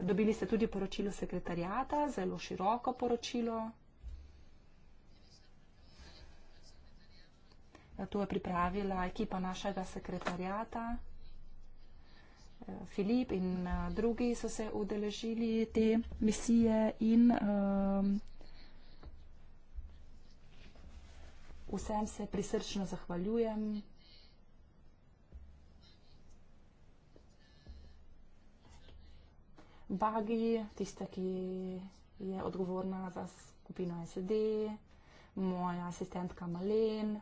Dobili ste tudi poročilo sekretarijata, zelo široko poročilo. To je pripravila ekipa našega sekretarijata. Filip in eh, drugi so se udeležili te misije in um, vsem se prisrčno zahvaljujem. Bagi, tista, ki je odgovorna za skupino SED, moja asistentka Malen,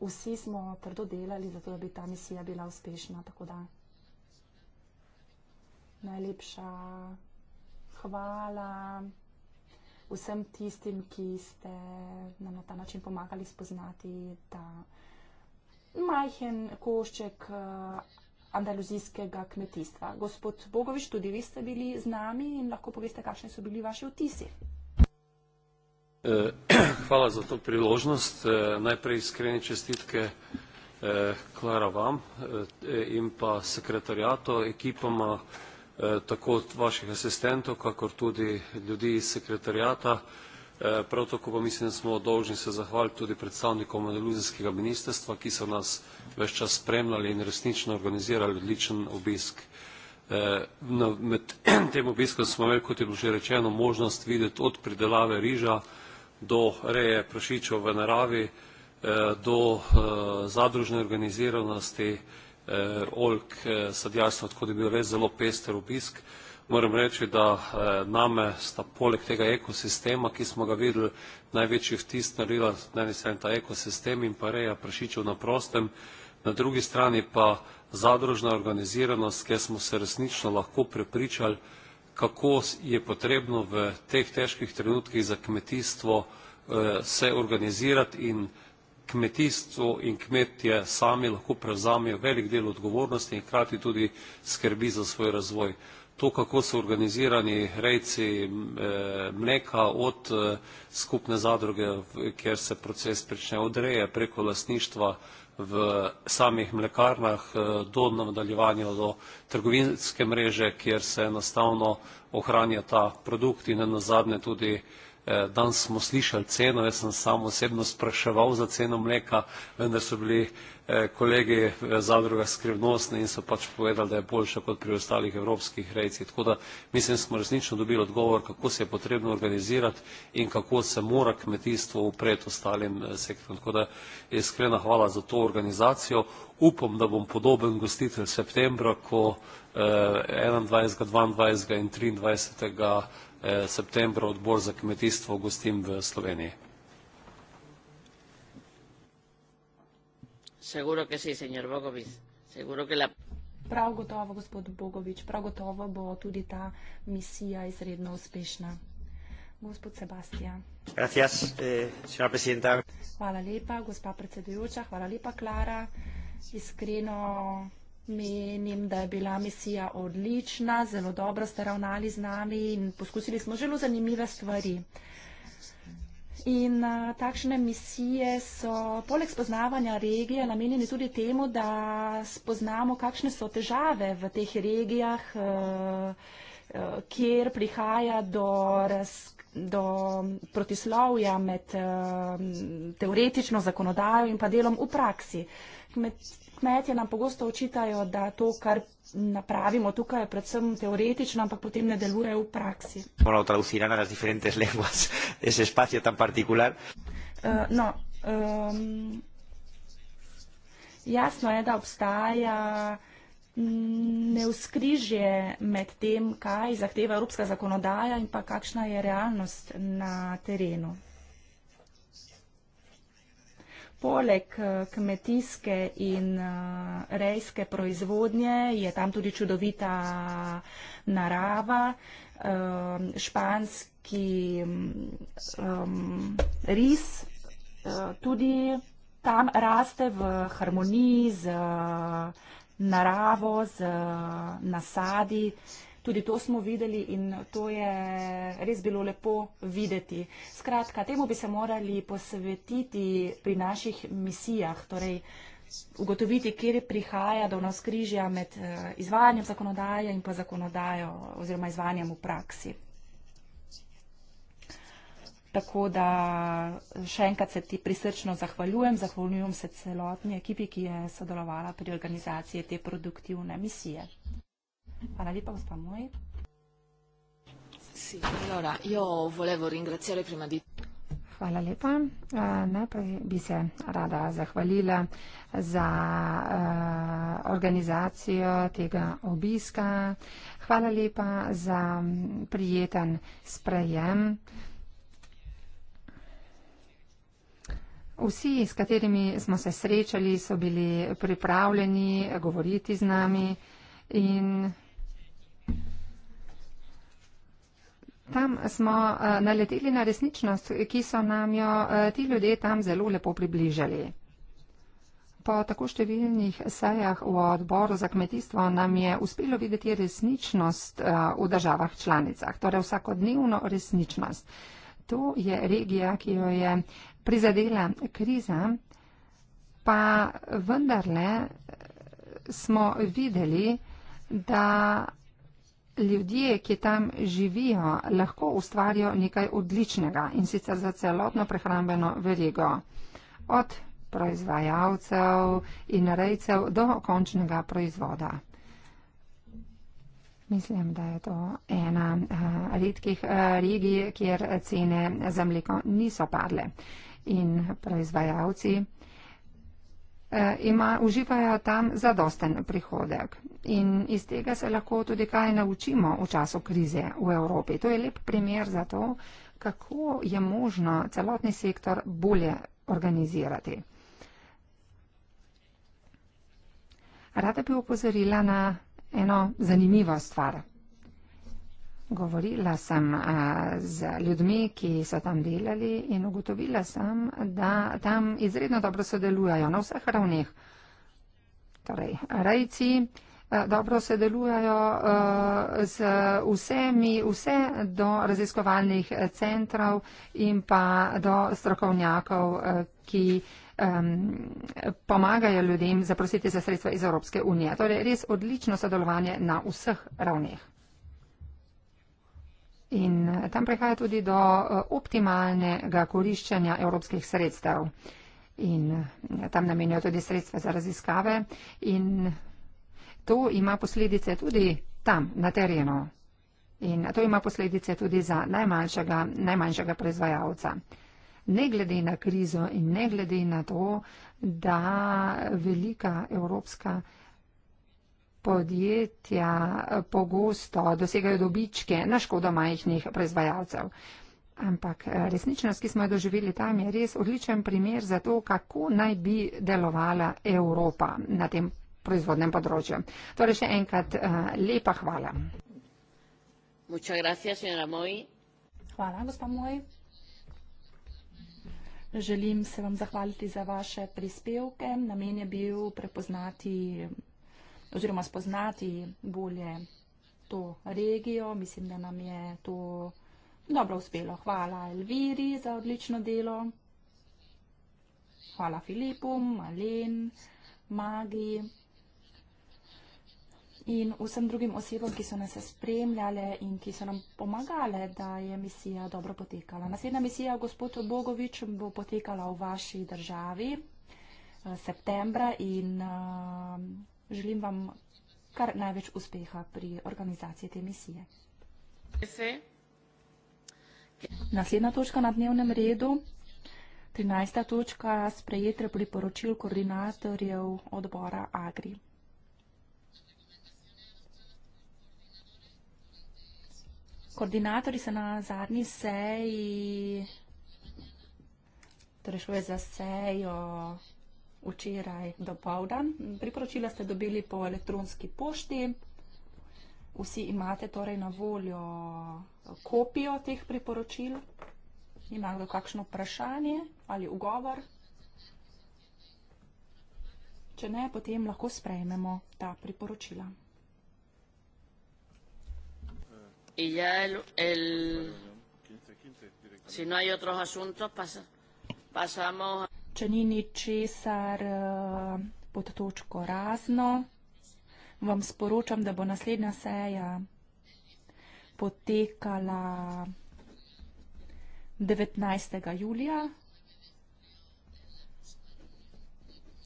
Vsi smo trdo delali, zato da bi ta misija bila uspešna, tako da najlepša hvala vsem tistim, ki ste nam na ta način pomagali spoznati, da vsega majhen košček eh, andaluzijskega kmetijstva. Gospod Bogovič, tudi vi ste bili z nami in lahko poveste, kakšni so bili vaši vtisi. Eh, hvala za to priložnost. Eh, najprej iskrene čestitke Klara vam in pa sekretarjato, ekipama, tako od vaših asistentov, kakor tudi ljudi iz sekretarjata. Eh, prav tako pa mislim, da smo dolžni se zahvaliti tudi predstavnikom analizijskega ministrstva, ki so nas več čas spremljali in resnično organizirali odličen obisk. Eh, med tem obiskom smo imeli, kot je bilo že rečeno, možnost videti od pridelave riža do reje prašičev v naravi, eh, do zadružne organiziranosti, oljk, sadjarstva, tako da je bil res zelo pester obisk moram reči, da eh, name sta poleg tega ekosistema, ki smo ga videli, največji vtis naredila na eni strani ta ekosistem in pa reja prašičev na prostem, na drugi strani pa zadružna organiziranost, kjer smo se resnično lahko prepričali, kako je potrebno v teh težkih trenutkih za kmetijstvo eh, se organizirati in kmetijstvo in kmetje sami lahko prevzamejo velik del odgovornosti in krati tudi skrbi za svoj razvoj to, kako so organizirani rejci eh, mleka od eh, skupne zadruge, kjer se proces prične odreje preko lasništva v samih mlekarnah eh, do nadaljevanja do trgovinske mreže, kjer se enostavno ohranja ta produkt in na zadnje tudi vsega, Eh, danes smo slišali ceno, jaz sem sam osebno spraševal za ceno mleka, vendar so bili eh, kolegi eh, zadruga skrivnostni in so pač povedali, da je boljša kot pri ostalih evropskih rejcih. Tako da mislim, smo resnično dobili odgovor, kako se je potrebno organizirati in kako se mora kmetijstvo upreti ostalim sektorom. Tako da iskrena hvala za to organizacijo. Upam, da bom podoben gostitelj septembra, ko 21., 22. in 23. Eh, septembra odbor za kmetijstvo gostim v Sloveniji. Seguro, ki si, senjor Bogovic. Seguro, ki lep. Prav gotovo, gospod Bogovič, prav gotovo bo tudi ta misija izredno uspešna. Gospod Sebastija. Eh, hvala lepa, gospa predsedujoča, hvala lepa, Klara. Iskreno Menim, da je bila misija odlična, zelo dobro ste ravnali z nami in poskusili smo zelo zanimive stvari. In uh, takšne misije so poleg spoznavanja regije namenjene tudi temu, da spoznamo, kakšne so težave v teh regijah, uh, uh, kjer prihaja do, raz, do protislovja med uh, teoretično zakonodajo in pa delom v praksi. Med Kmetje nam pogosto očitajo, da to, kar napravimo tukaj, je predvsem teoretično, ampak potem ne deluje v praksi. Moramo traducirati na različne lenguas, ese espacio tan particular. Uh, no, um, jasno je, da obstaja mm, neuskrižje med tem, kaj zahteva evropska zakonodaja in pa kakšna je realnost na terenu. Poleg eh, kmetijske in eh, rejske proizvodnje je tam tudi čudovita narava, eh, španski mm, mm, ris tudi tam raste v harmoniji z naravo, z nasadi. Tudi to smo videli in to je res bilo lepo videti. Skratka, temu bi se morali posvetiti pri naših misijah, torej ugotoviti, kje prihaja do navskrižja med eh, izvajanjem zakonodaje in pa zakonodajo oziroma izvajanjem v praksi. Tako da še enkrat se ti prisrčno zahvaljujem, zahvaljujem se celotni ekipi, ki je sodelovala pri organizaciji te produktivne misije. Hvala lepa, gospa Moj. Sì, allora, io volevo ringraziare prima di... Hvala lepa. Eh, najprej bi se rada zahvalila za eh, organizacijo tega obiska. Hvala lepa za mm, prijeten sprejem. Vsi, s katerimi smo se srečali, so bili pripravljeni govoriti z nami in Tam smo eh, naleteli na resničnost, ki so nam jo eh, ti ljudje tam zelo lepo približali. Po tako številnih sejah v odboru za kmetijstvo nam je uspelo videti resničnost eh, v državah članicah, torej vsakodnevno resničnost. To je regija, ki jo je prizadela kriza, pa vendarle smo videli, da ljudje, ki tam živijo, lahko ustvarijo nekaj odličnega in sicer za celotno prehrambeno verigo. Od proizvajalcev in rejcev do končnega proizvoda. Mislim, da je to ena uh, redkih uh, regij, kjer cene za mleko niso padle. In proizvajalci uh, ima, uživajo tam zadosten prihodek in iz tega se lahko tudi kaj naučimo v času krize v Evropi. To je lep primer za to, kako je možno celotni sektor bolje organizirati. Rada bi upozorila na eno zanimivo stvar. Govorila sem z ljudmi, ki so tam delali in ugotovila sem, da tam izredno dobro sodelujajo na vseh ravneh. Torej, rajci, Eh, dobro sodelujajo eh, z vsemi, vse do raziskovalnih eh, centrov in pa do strokovnjakov, ki pomagajo ljudem zaprositi za sredstva iz Evropske unije. Torej, res odlično sodelovanje na vseh ravneh. In tam prihaja tudi do optimalnega koriščenja evropskih sredstev. In tam namenijo tudi sredstva za raziskave. In to ima posledice tudi tam, na terenu. In to ima posledice tudi za najmanjšega, najmanjšega proizvajalca. Ne glede na krizo in ne glede na to, da velika evropska podjetja pogosto dosegajo dobičke na škodo majhnih proizvajalcev. Ampak eh, resničnost, ki smo jo doživeli tam, je res odličen primer za to, kako naj bi delovala Evropa na tem proizvodnem področju. Torej še enkrat eh, lepa hvala. Gracias, hvala, gospod Moj. Želim se vam zahvaliti za vaše prispevke. Namen je bil prepoznati oziroma spoznati bolje to regijo. Mislim, da nam je to dobro uspelo. Hvala Elviri za odlično delo. Hvala Filipu, Malen, Magi in vsem drugim osebam, ki so nas spremljale in ki so nam pomagale, da je misija dobro potekala. Naslednja misija, gospod Bogovič, bo potekala v vaši državi eh, septembra in eh, želim vam kar največ uspeha pri organizaciji te misije. Naslednja točka na dnevnem redu. 13. točka sprejetje priporočil koordinatorjev odbora Agri. Koordinatorji se na zadnji seji, torej šlo je za sejo včeraj do povdan, priporočila ste dobili po elektronski pošti. Vsi imate torej na voljo kopijo teh priporočil. Ima kdo kakšno vprašanje ali ugovor? Če ne, potem lahko sprejmemo ta priporočila. Y ya el... el... 15, 15, si no hay otros asuntos, pasa, pasamos a... Če ni ničesar eh, pod točko razno, vam sporočam, da bo naslednja seja potekala 19. julija.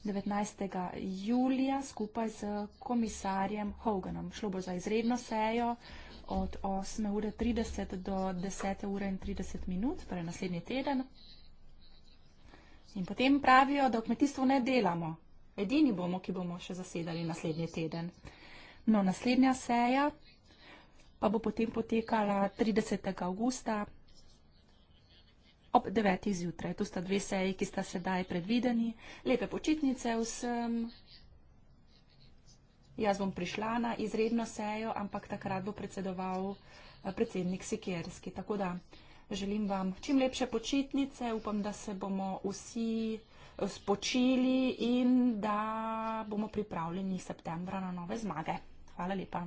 19. julija skupaj z komisarjem Hoganom. Šlo bo za izredno sejo od 8.30 do 10.30 minut, torej naslednji teden. In potem pravijo, da v kmetijstvu ne delamo. Edini bomo, ki bomo še zasedali naslednji teden. No, naslednja seja pa bo potem potekala 30. augusta ob 9. zjutraj. To sta dve seji, ki sta sedaj predvideni. Lepe počitnice vsem jaz bom prišla na izredno sejo, ampak takrat bo predsedoval eh, predsednik Sikerski. Tako da želim vam čim lepše počitnice, upam, da se bomo vsi eh, spočili in da bomo pripravljeni septembra na nove zmage. Hvala lepa.